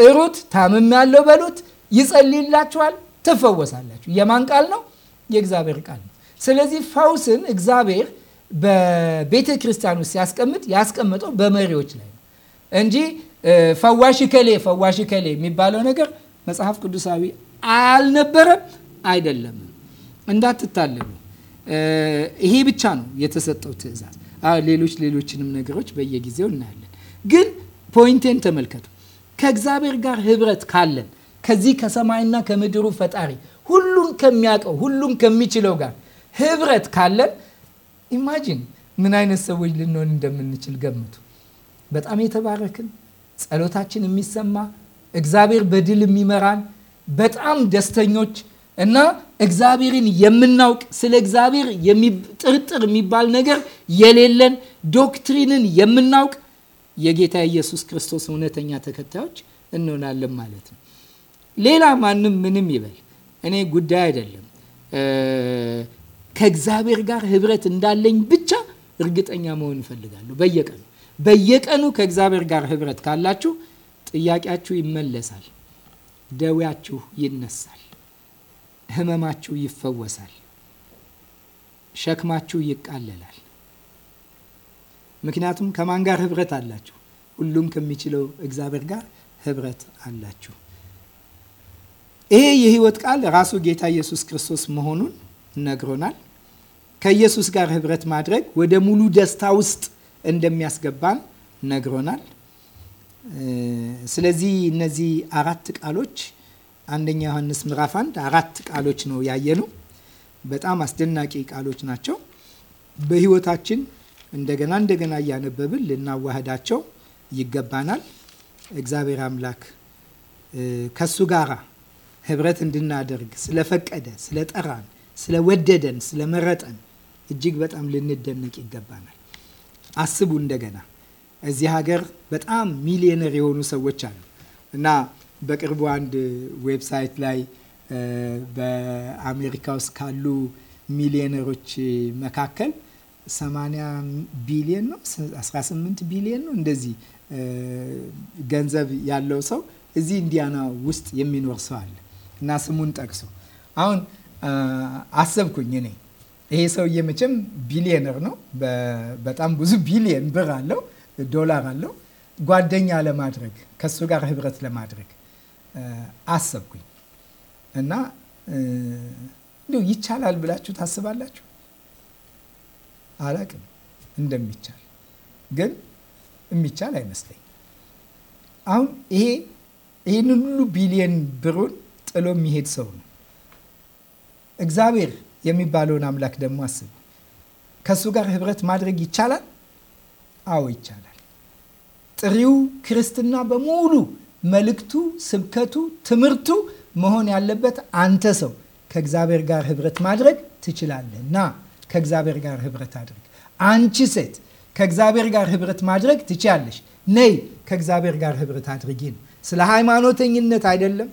ጥሩት፣ ታምም ያለው በሉት፣ ይጸልይላችኋል፣ ትፈወሳላችሁ። የማን ቃል ነው? የእግዚአብሔር ቃል ነው። ስለዚህ ፈውስን እግዚአብሔር በቤተ ክርስቲያን ውስጥ ሲያስቀምጥ ያስቀመጠው በመሪዎች ላይ ነው እንጂ ፈዋሽ ከሌ ፈዋሽ ከሌ የሚባለው ነገር መጽሐፍ ቅዱሳዊ አልነበረም፣ አይደለም። እንዳትታለሉ። ይሄ ብቻ ነው የተሰጠው ትእዛዝ። ሌሎች ሌሎችንም ነገሮች በየጊዜው እናያለን። ግን ፖይንቴን ተመልከቱ። ከእግዚአብሔር ጋር ህብረት ካለን ከዚህ ከሰማይና ከምድሩ ፈጣሪ ሁሉም ከሚያውቀው ሁሉም ከሚችለው ጋር ህብረት ካለን ኢማጂን ምን አይነት ሰዎች ልንሆን እንደምንችል ገምቱ። በጣም የተባረክን ጸሎታችን የሚሰማ እግዚአብሔር በድል የሚመራን በጣም ደስተኞች እና እግዚአብሔርን የምናውቅ ስለ እግዚአብሔር ጥርጥር የሚባል ነገር የሌለን ዶክትሪንን የምናውቅ የጌታ ኢየሱስ ክርስቶስ እውነተኛ ተከታዮች እንሆናለን ማለት ነው። ሌላ ማንም ምንም ይበል እኔ ጉዳይ አይደለም። ከእግዚአብሔር ጋር ህብረት እንዳለኝ ብቻ እርግጠኛ መሆን እፈልጋለሁ በየቀኑ በየቀኑ ከእግዚአብሔር ጋር ህብረት ካላችሁ ጥያቄያችሁ ይመለሳል፣ ደዌያችሁ ይነሳል፣ ህመማችሁ ይፈወሳል፣ ሸክማችሁ ይቃለላል። ምክንያቱም ከማን ጋር ህብረት አላችሁ? ሁሉም ከሚችለው እግዚአብሔር ጋር ህብረት አላችሁ። ይሄ የህይወት ቃል ራሱ ጌታ ኢየሱስ ክርስቶስ መሆኑን ነግሮናል። ከኢየሱስ ጋር ህብረት ማድረግ ወደ ሙሉ ደስታ ውስጥ እንደሚያስገባን ነግሮናል። ስለዚህ እነዚህ አራት ቃሎች አንደኛ ዮሐንስ ምዕራፍ አንድ አራት ቃሎች ነው ያየኑ። በጣም አስደናቂ ቃሎች ናቸው። በህይወታችን እንደገና እንደገና እያነበብን ልናዋህዳቸው ይገባናል። እግዚአብሔር አምላክ ከሱ ጋራ ህብረት እንድናደርግ ስለፈቀደ፣ ስለጠራን፣ ስለወደደን፣ ስለመረጠን እጅግ በጣም ልንደነቅ ይገባናል። አስቡ እንደገና እዚህ ሀገር በጣም ሚሊዮነር የሆኑ ሰዎች አሉ እና በቅርቡ አንድ ዌብሳይት ላይ በአሜሪካ ውስጥ ካሉ ሚሊዮነሮች መካከል 80 ቢሊዮን ነው 18 ቢሊዮን ነው እንደዚህ ገንዘብ ያለው ሰው እዚህ ኢንዲያና ውስጥ የሚኖር ሰው አለ እና ስሙን ጠቅሶ አሁን አሰብኩኝ እኔ ይሄ ሰውዬ መቼም ቢሊየነር ነው። በጣም ብዙ ቢሊየን ብር አለው፣ ዶላር አለው። ጓደኛ ለማድረግ ከሱ ጋር ህብረት ለማድረግ አሰብኩኝ እና እንዲሁ ይቻላል ብላችሁ ታስባላችሁ? አላቅም እንደሚቻል ግን የሚቻል አይመስለኝ። አሁን ይሄ ይህንን ሁሉ ቢሊየን ብሩን ጥሎ የሚሄድ ሰው ነው እግዚአብሔር የሚባለውን አምላክ ደግሞ አስብ። ከእሱ ጋር ህብረት ማድረግ ይቻላል? አዎ ይቻላል። ጥሪው ክርስትና በሙሉ መልእክቱ፣ ስብከቱ፣ ትምህርቱ መሆን ያለበት አንተ ሰው ከእግዚአብሔር ጋር ህብረት ማድረግ ትችላለህ እና ከእግዚአብሔር ጋር ህብረት አድርግ። አንቺ ሴት ከእግዚአብሔር ጋር ህብረት ማድረግ ትችያለሽ። ነይ ከእግዚአብሔር ጋር ህብረት አድርጊ ነው። ስለ ሃይማኖተኝነት አይደለም፣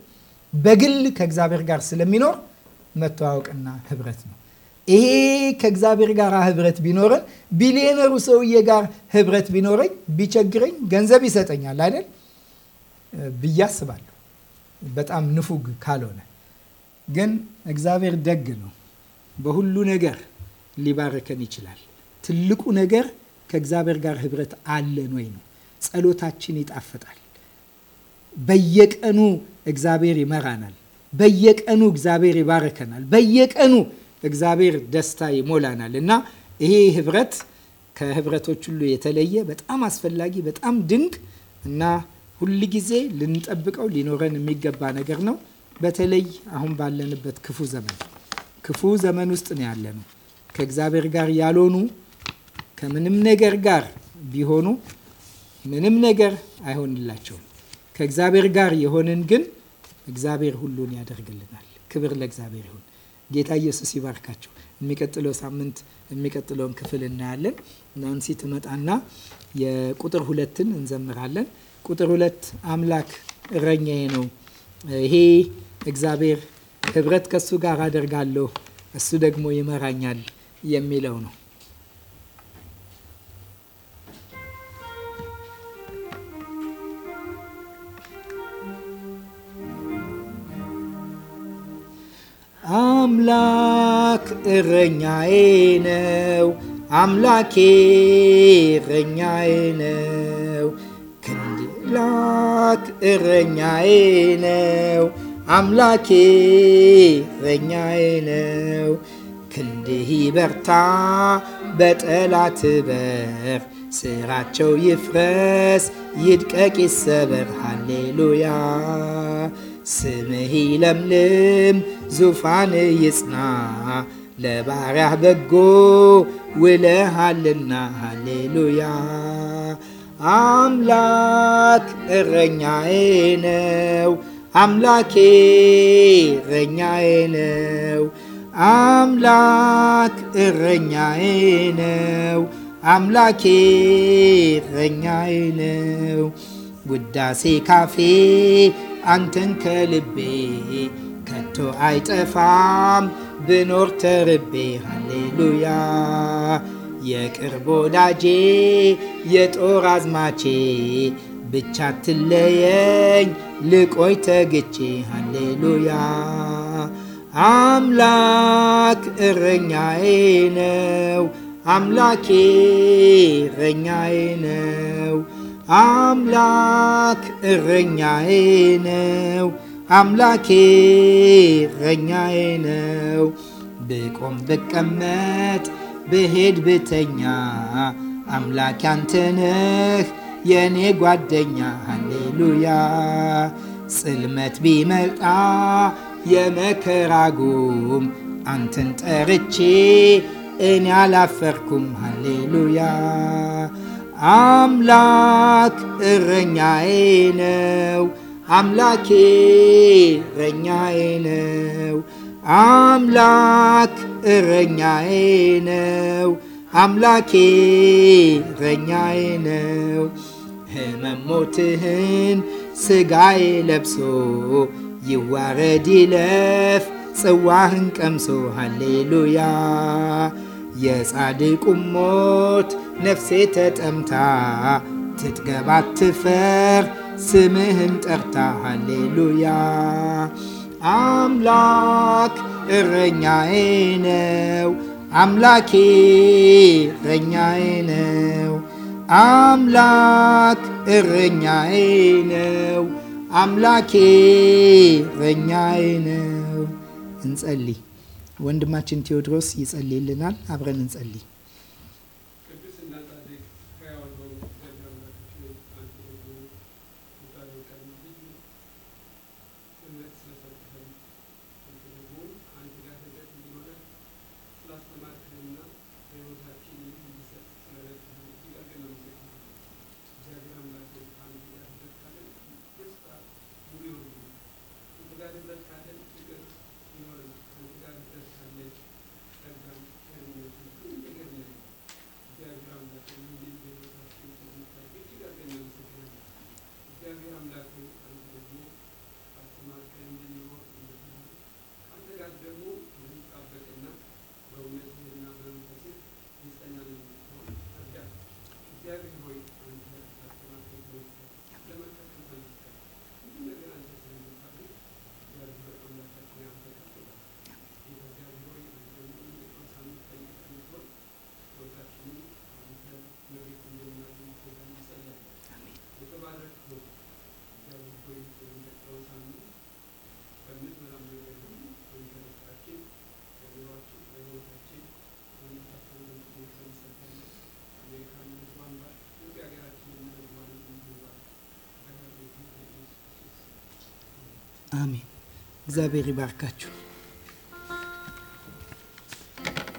በግል ከእግዚአብሔር ጋር ስለሚኖር መተዋወቅና ህብረት ነው። ይሄ ከእግዚአብሔር ጋር ህብረት ቢኖረን ቢሊዮነሩ ሰውዬ ጋር ህብረት ቢኖረኝ ቢቸግረኝ ገንዘብ ይሰጠኛል አይደል ብዬ አስባለሁ። በጣም ንፉግ ካልሆነ ግን እግዚአብሔር ደግ ነው። በሁሉ ነገር ሊባረከን ይችላል። ትልቁ ነገር ከእግዚአብሔር ጋር ህብረት አለን ወይ ነው። ጸሎታችን ይጣፍጣል። በየቀኑ እግዚአብሔር ይመራናል። በየቀኑ እግዚአብሔር ይባርከናል። በየቀኑ እግዚአብሔር ደስታ ይሞላናል እና ይሄ ህብረት ከህብረቶች ሁሉ የተለየ በጣም አስፈላጊ፣ በጣም ድንቅ እና ጊዜ ልንጠብቀው ሊኖረን የሚገባ ነገር ነው። በተለይ አሁን ባለንበት ክፉ ዘመን ክፉ ዘመን ውስጥ ነው ነው። ከእግዚአብሔር ጋር ያልሆኑ ከምንም ነገር ጋር ቢሆኑ ምንም ነገር አይሆንላቸውም። ከእግዚአብሔር ጋር የሆንን ግን እግዚአብሔር ሁሉን ያደርግልናል። ክብር ለእግዚአብሔር ይሁን። ጌታ ኢየሱስ ይባርካችሁ። የሚቀጥለው ሳምንት የሚቀጥለውን ክፍል እናያለን። ናንሲ ትመጣና የቁጥር ሁለትን እንዘምራለን። ቁጥር ሁለት አምላክ እረኛዬ ነው፣ ይሄ እግዚአብሔር ህብረት ከሱ ጋር አደርጋለሁ፣ እሱ ደግሞ ይመራኛል የሚለው ነው። አምላክ እረኛዬ ነው፣ አምላኬ እረኛዬ ነው። ክንድ ላክ እረኛዬ ነው፣ አምላኬ እረኛዬ ነው። ክንድህ በርታ በጠላት በር፣ ስራቸው ይፍረስ ይድቀቅ ይሰበር። ሃሌሉያ ስምህ ይለምልም ዙፋን ይጽና ለባሪያህ በጎ ውለሃልና፣ ሃሌሉያ። አምላክ እረኛዬ ነው፣ አምላኬ እረኛዬ ነው። አምላክ እረኛዬ ነው፣ አምላኬ እረኛዬ ነው። ውዳሴ ካፌ አንተን ከልቤ ከቶ አይጠፋም ብኖር ተርቤ ሃሌሉያ የቅርብ ወዳጄ የጦር አዝማቼ ብቻ ትለየኝ ልቆይ ተግቼ ሃሌሉያ አምላክ እረኛዬ ነው አምላኬ እረኛዬ ነው አምላክ እረኛዬ ነው፣ አምላኬ እረኛዬ ነው። ብቆም ብቀመጥ፣ ብሄድ ብተኛ፣ አምላክ አንተ ነህ የእኔ ጓደኛ። ሃሌሉያ ጽልመት ቢመጣ የመከራ ጉም አንተን ጠርቼ እኔ አላፈርኩም። ሃሌሉያ አምላክ እረኛዬ ነው። አምላኬ እረኛዬ ነው። አምላክ እረኛዬ ነው። አምላኬ እረኛዬ ነው። ህመሞትህን ስጋዬ ለብሶ ይዋረድ ይለፍ ጽዋህን ቀምሶ ሃሌሉያ የጻድቁ ሞት ነፍሴ ተጠምታ ትትገባ ትፈር ስምህን ጠርታ ሃሌሉያ አምላክ እረኛዬ ነው አምላኬ እረኛዬ ነው አምላክ እረኛዬ ነው አምላኬ እረኛዬ ነው። እንጸልይ። ወንድማችን ቴዎድሮስ ይጸልይልናል። አብረን እንጸልይ። እግዚአብሔር ይባርካችሁ።